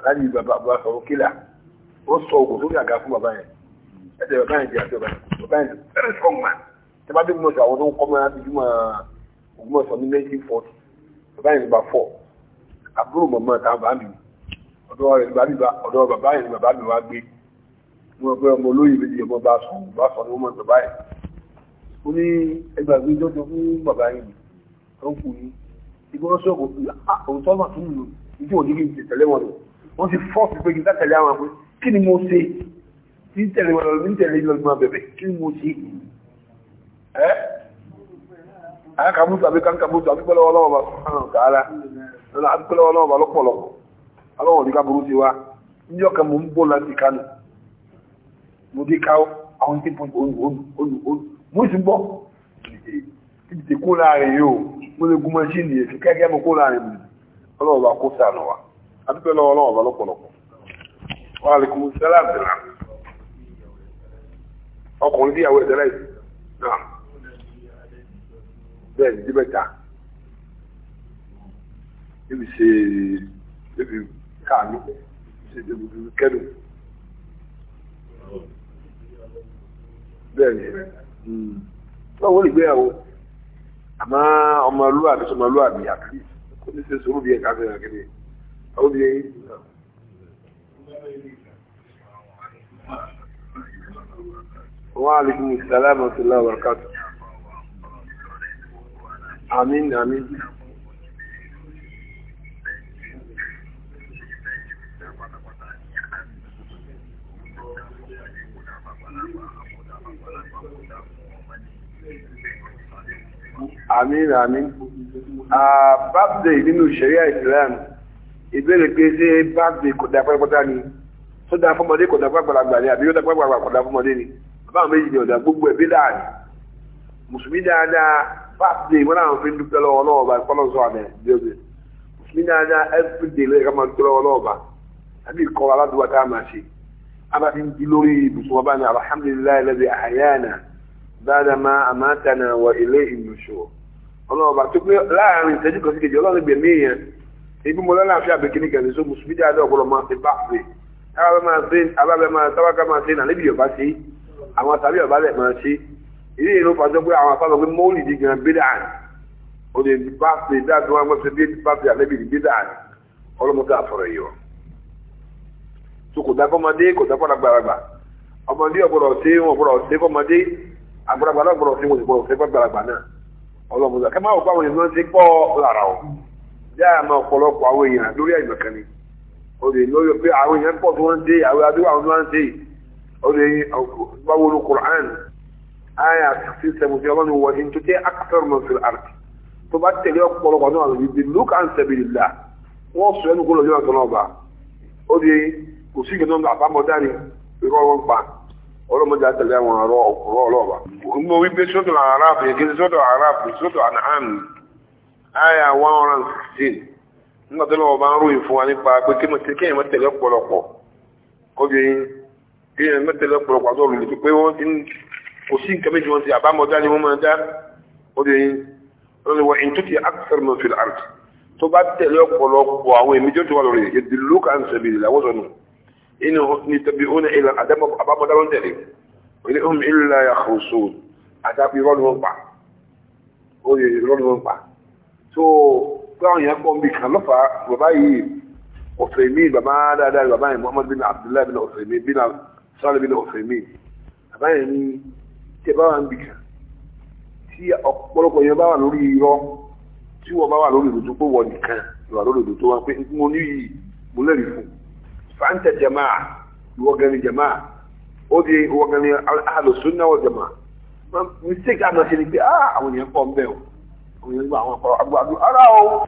aláàbí bàbá àbúrò òkèlà wọ́n sọ ògùn sórí àga fún bàbá yẹn ẹ̀sẹ̀ bàbá yẹn jẹ́ àti bàbá bàbá yẹn very strong man tí bá dé gbọ́mọ̀sọ̀ àwọn tó ń kọ́ mọ́ láti júmọ̀ Ògbómọ̀ṣọ́ ní 1940 bàbá yẹn bá fọ́ àbúrò mọ̀mọ́ táwọn bá mi ọ̀dọ́ bàbá yẹn bàbá mi wá gbé wọn pé ọmọ olóyè méjì ọmọ bá sọ bá sọ ní ọmọ bàbá yẹn ó ní ẹgbàgbé jọjọ fún bàbá yẹn tó ń kù ní ìgbọ́nsọ̀kọ̀ ah, òtọ́ mà tún lù ní tí òní kí n tẹ̀lé wọn lọ wọ́n ti fọ́ọ̀sì pé gíga tẹ̀lé àwọn pé kí ni mo ṣe tí ń tẹ̀lé wọn ní tẹ̀lé lọ́gbọ́n bẹ̀bẹ̀ kí ni mo ṣe ẹ́ àkàmútù àbí kankamutu àbí pẹ́lẹ́ ọlọ́wọ́ tààrà lọ́nà àbí pẹ́lẹ́ ọlọ́wọ́ lọ́pọ̀lọpọ̀ alọ́wọ́ ní káburú ti wá ní ọkà mo ń bọ̀ láti kánú mo dé ká àwọn tí mo sì ń bọ̀ títí kó láàrin yóò mo lè gun mọ́ṣíìnì èsì kẹ́kẹ́ mo kó láàrin mi ọlọ́wọ́ bá kó adúgbò lọ́wọ́ lọ́wọ́ ọba lọ́pọ̀lọpọ̀ wà á lè kú sẹ́lá àbẹ̀là ọkùnrin tí ìyàwó ẹ̀dẹ́rẹ́ náà bẹ́ẹ̀ ní dìbẹ̀ta níbi ṣe níbi káàánú ṣe níbi kẹ́dùn bẹ́ẹ̀ ni hmm. lọ́wọ́ ìgbéyàwó àmọ́ ọmọlúwàbí sọmọlúwàbí àti kò ní ṣe sọ̀rọ̀ bí ẹ̀ka fẹ́ràn kéde ó lè wọ́n alìkún ìsàlámà tó láwàr kàtù àmín àmín àmín àmín àbábdẹ̀ nínú ṣẹ̀ríà ìsìlámù ìbéèrè pé ṣé báàgì kò dá pátápátá ni tó dá fọmọdé kò dá pàgbàlagbà ni àbí yóò dá pàgbàlagbà kò dá fọmọdé ni bàbá àwọn méjì ni ọ̀dà gbogbo ẹ̀bí dáa ni mùsùlùmí dáadáa báàgì wọn àwọn fi ń dúpẹ́ lọ́wọ́ lọ́wọ́ bá kọ́lọ́ sọ àmì ìdíyọ́bẹ̀ mùsùlùmí dáadáa every day máa dúpẹ́ lọ́wọ́ lọ́wọ́ bá àbí ìkọ́ aládùúgbò ibi mo lọ́la fi àbẹ̀kíní kẹ̀lé so mùsùlùmí jẹ́ adé ọ̀pọ̀lọ̀ máa ṣe bá ṣe abábẹ́ máa ṣe abábẹ́ máa sábàkà máa ṣe nàlẹ́bí yorùbá ṣe àwọn tàbí ọ̀bá lẹ̀ máa ṣe ilé ìlú pàṣẹ pé àwọn afáàlọ́ pé mọ́ọ̀lì di gan bí dáa ni o lè bá ṣe dáa tí wọ́n máa ṣe bá ṣe àlẹ́bí bí dáa ni ọlọ́mọdé àfọ̀rọ̀ yìí wọ̀ so kò dákọ́ ọmọdé kò dákọ́ lágbàlagbà ọmọdé ọ̀gbọ̀rọ̀ ṣe wọn ọ̀gbọ̀rọ̀ ṣe kọ́mọdé àgbàlagbà ọ̀gbọ̀rọ̀ ṣe wọn ọ̀gbọ̀rọ̀ ṣe gbàgbàlagbà náà ọlọ́mọdé kẹ́mọ́ dáàmà ọ̀pọ̀lọpọ̀ àwọn èèyàn lórí àìmọ̀kan ni o lè lórí pé àwọn èèyàn pọ̀ tó wọ́n dé àwọn adúgbò àwọn wọ́n dé o lè báwo ló Qur'an aya sixteen seventeen ọmọ mi wọ in tó jẹ́ akpẹ́r mọ̀sílẹ̀ tó bá tẹ̀lé ọ̀pọ̀lọpọ̀ náà lórí bí wọ́n sọ ẹnu o aya one hundred and sixteen nígbà tó lọ́wọ́ bá ń ròyìn fún wa nípa pé kéèyàn mẹ́tẹ̀lẹ́ ọ̀pọ̀lọpọ̀ kọ́bí kéèyàn mẹ́tẹ̀lẹ́ ọ̀pọ̀lọpọ̀ àti olùlẹ̀ tó pé wọ́n ti ń kò sí nǹkan méjì wọn ti àbámọ́dá ni wọ́n máa dá kọ́bí wọ́n wọ ìtútì akthar min fil ard tó bá tẹ̀lé ọ̀pọ̀lọpọ̀ àwọn èmi tó ti wà lórí yadilluka an sabilillah wọ́sọ̀nù inú ni tàbí ó ní ilẹ̀ àbámọ́dá ló ń tẹ̀lé ilé ìlà yàtọ̀ sóòlù àtàkùn ìrọ́lù wọn pa so káwọn yẹn pọ̀ nbí kan lọ́fà bàbá yìí ọ̀sẹ̀mí bàbá dáadáa bàbá yìí muhammad bin abdullahi bin ọ̀sẹ̀mí bin sọ́ọ̀lì bin ọ̀sẹ̀mí bàbá yẹn ní tí ẹ bá wà nbí kan tí ọ̀pọ̀lọpọ̀ yẹn bá wà lórí irọ́ tí wọ́n bá wà lórí ìdòdó pé wọ́n nìkan wà lórí ìdòdó wọn pé mo ní yìí mo lẹ́rìí fún fanta jamaa ìwọ gani ó di ìwọ gani wọ jamaa mistake àná ṣe ni pé ah, àwọn yẹn pọ̀ nbẹ́ o òye gbogbo àwọn ọkọ̀ àgbàdo ara o